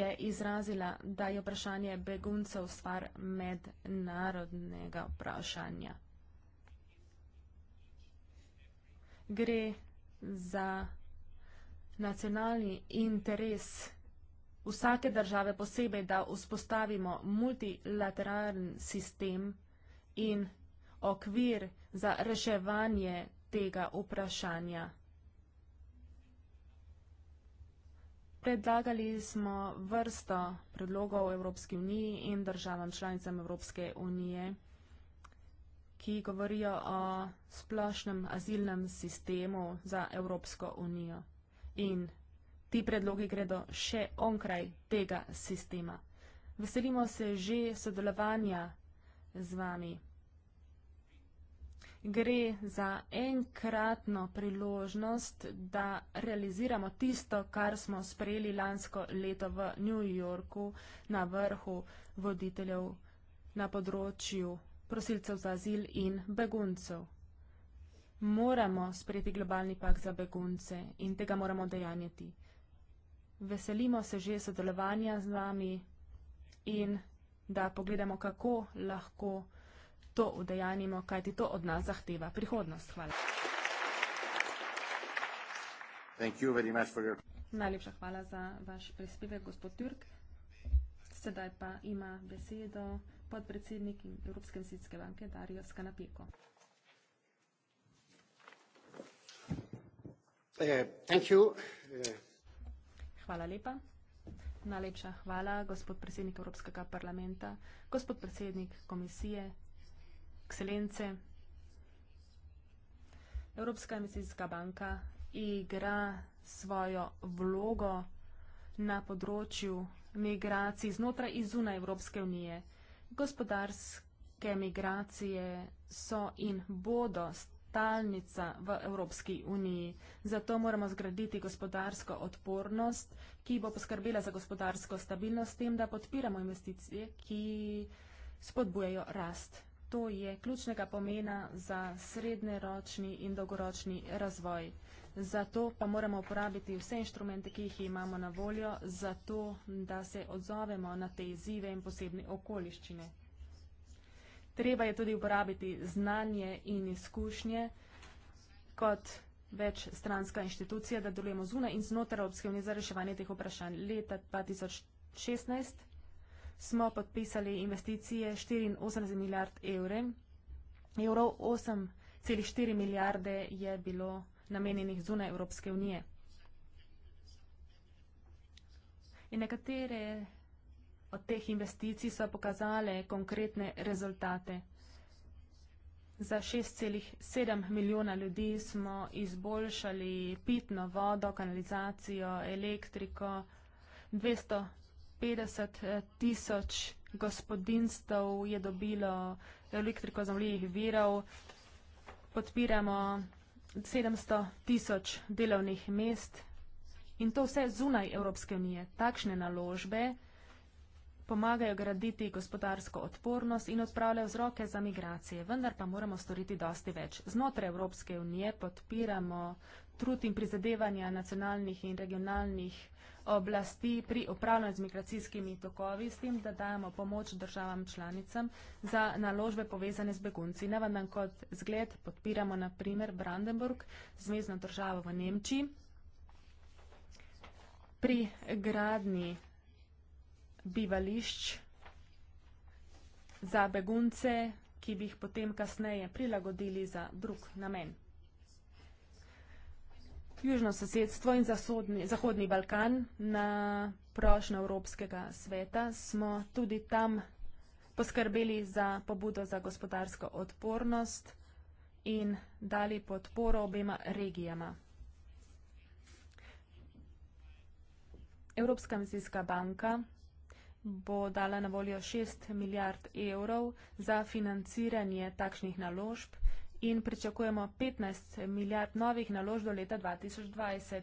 je izrazila, da je vprašanje beguncev stvar mednarodnega vprašanja. gre za nacionalni interes vsake države posebej, da vzpostavimo multilateralen sistem in okvir za reševanje tega vprašanja. Predlagali smo vrsto predlogov Evropske unije in državam članicam Evropske unije ki govorijo o splošnem azilnem sistemu za Evropsko unijo. In ti predlogi gredo še onkraj tega sistema. Veselimo se že sodelovanja z vami. Gre za enkratno priložnost, da realiziramo tisto, kar smo sprejeli lansko leto v New Yorku na vrhu voditeljev na področju prosilcev za azil in beguncev. Moramo sprejeti globalni pak za begunce in tega moramo dejanjati. Veselimo se že sodelovanja z vami in da pogledamo, kako lahko to udejanimo, kajti to od nas zahteva prihodnost. Hvala. Najlepša hvala za vaš prispevek, gospod Turk. Sedaj pa ima besedo podpredsednik Evropske investicijske banke Darijo Skanapeko. Eh, eh. Hvala lepa. Najlepša hvala, gospod predsednik Evropskega parlamenta, gospod predsednik komisije, ekscelence. Evropska investicijska banka igra svojo vlogo na področju migracij znotraj in zunaj Evropske unije gospodarske migracije so in bodo stalnica v Evropski uniji. Zato moramo zgraditi gospodarsko odpornost, ki bo poskrbela za gospodarsko stabilnost, tem, da podpiramo investicije, ki spodbujajo rast. To je ključnega pomena za srednjeročni in dolgoročni razvoj zato pa moramo uporabiti vse inštrumente, ki jih imamo na voljo, zato da se odzovemo na te izzive in posebne okoliščine. Treba je tudi uporabiti znanje in izkušnje kot večstranska inštitucija, da delujemo zunaj in znotraj Evropske unije za reševanje teh vprašanj. Leta 2016 smo podpisali investicije 84 milijard evre, evrov 8,4 milijarde je bilo namenjenih zunaj Evropske unije. In nekatere od teh investicij so pokazale konkretne rezultate. Za 6,7 milijona ljudi smo izboljšali pitno vodo, kanalizacijo, elektriko. 250 eh, tisoč gospodinstv je dobilo elektriko zemljih virov. Podpiramo 700 tisoč delovnih mest in to vse zunaj Evropske unije. Takšne naložbe pomagajo graditi gospodarsko odpornost in odpravljajo vzroke za migracije, vendar pa moramo storiti dosti več. Znotraj Evropske unije podpiramo trud in prizadevanja nacionalnih in regionalnih uh, oblasti pri upravljanju z migracijskimi tokovi, s tem, da dajemo pomoč državam članicam za naložbe povezane z begunci. Ne vem, kot zgled podpiramo naprimer Brandenburg, zvezdno državo v Nemčiji, pri gradni bivališč za begunce, ki bi jih potem kasneje prilagodili za drug namen južno sosedstvo in zasodni, Zahodni Balkan na prošnjo Evropskega sveta smo tudi tam poskrbeli za pobudo za gospodarsko odpornost in dali podporo obema regijama. Evropska mizijska banka bo dala na voljo 6 milijard evrov za financiranje takšnih naložb in pričakujemo 15 milijard novih naložb do leta 2020.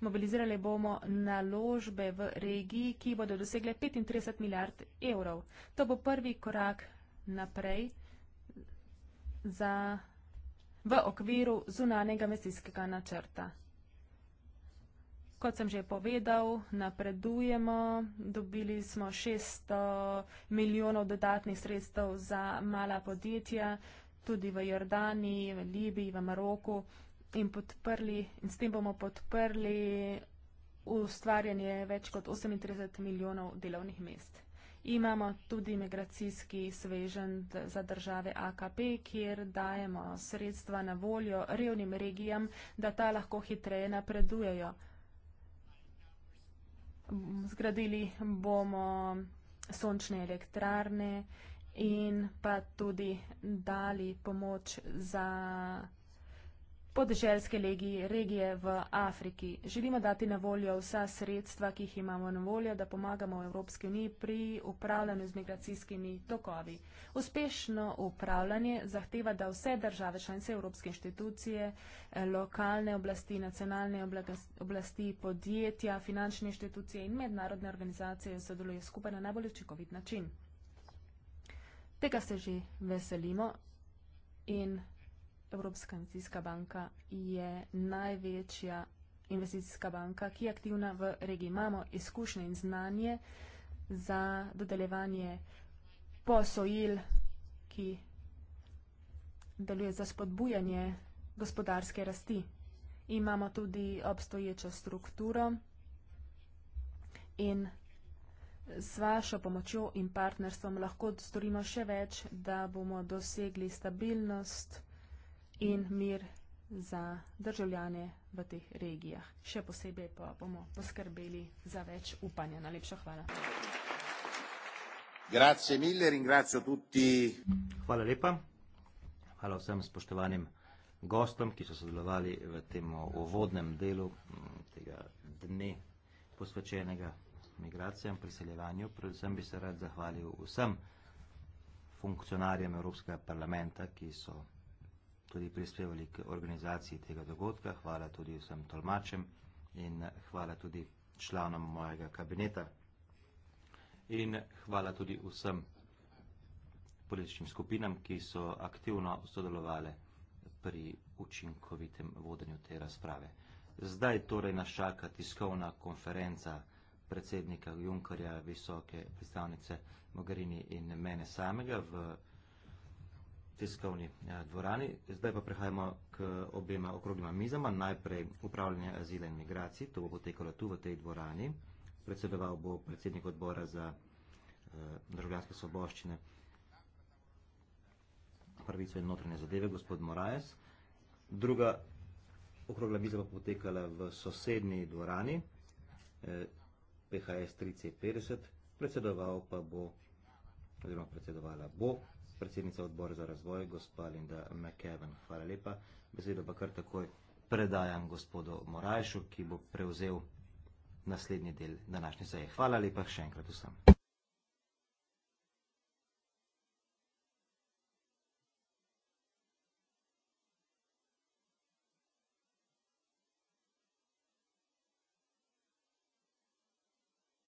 Mobilizirali bomo naložbe v regiji, ki bodo dosegle 35 milijard evrov. To bo prvi korak naprej za, v okviru zunanega investicijskega načrta. Kot sem že povedal, napredujemo. Dobili smo 600 milijonov dodatnih sredstev za mala podjetja tudi v Jordaniji, v Libiji, v Maroku in, podprli, in s tem bomo podprli ustvarjanje več kot 38 milijonov delovnih mest. Imamo tudi migracijski svežen za države AKP, kjer dajemo sredstva na voljo revnim regijam, da ta lahko hitreje napredujejo. Zgradili bomo sončne elektrarne, in pa tudi dali pomoč za podeželske legije, regije v Afriki. Želimo dati na voljo vsa sredstva, ki jih imamo na voljo, da pomagamo Evropski uniji pri upravljanju z migracijskimi tokovi. Uspešno upravljanje zahteva, da vse države članice Evropske inštitucije, eh, lokalne oblasti, nacionalne oblasti, podjetja, finančne inštitucije in mednarodne organizacije sodelujejo skupaj na najbolj učinkovit način. Tega se že veselimo in Evropska investicijska banka je največja investicijska banka, ki je aktivna v regiji. Imamo izkušnje in znanje za dodeljevanje posojil, ki deluje za spodbujanje gospodarske rasti. Imamo tudi obstoječo strukturo in S vašo pomočjo in partnerstvom lahko storimo še več, da bomo dosegli stabilnost in mir za državljane v teh regijah. Še posebej pa bomo poskrbeli za več upanja. Najlepša hvala. Grazie mille, ringrazio tutti. Hvala lepa. Hvala vsem spoštovanim gostom, ki so sodelovali v tem uvodnem delu tega dne posvečenega migracijam, priseljevanju. Predvsem bi se rad zahvalil vsem funkcionarjem Evropskega parlamenta, ki so tudi prispevali k organizaciji tega dogodka. Hvala tudi vsem tolmačem in hvala tudi članom mojega kabineta. In hvala tudi vsem političnim skupinam, ki so aktivno sodelovali pri učinkovitem vodenju te razprave. Zdaj torej naščaka tiskovna konferenca predsednika Junkerja, visoke predstavnice Mogherini in mene samega v tiskovni eh, dvorani. Zdaj pa prehajamo k obema okroglima mizama. Najprej upravljanje azila in migracij, to bo potekalo tu v tej dvorani. Predsedoval bo predsednik odbora za eh, državljanske soboščine pravico in notranje zadeve, gospod Morajes. Druga okrogla miza bo potekala v sosednji dvorani. Eh, PHS 350, predsedoval pa bo, oziroma predsedovala bo predsednica odbora za razvoj, gospa Linda McEwen. Hvala lepa. Besedo pa kar takoj predajam gospodu Morajšu, ki bo prevzel naslednji del današnje seje. Hvala lepa še enkrat vsem.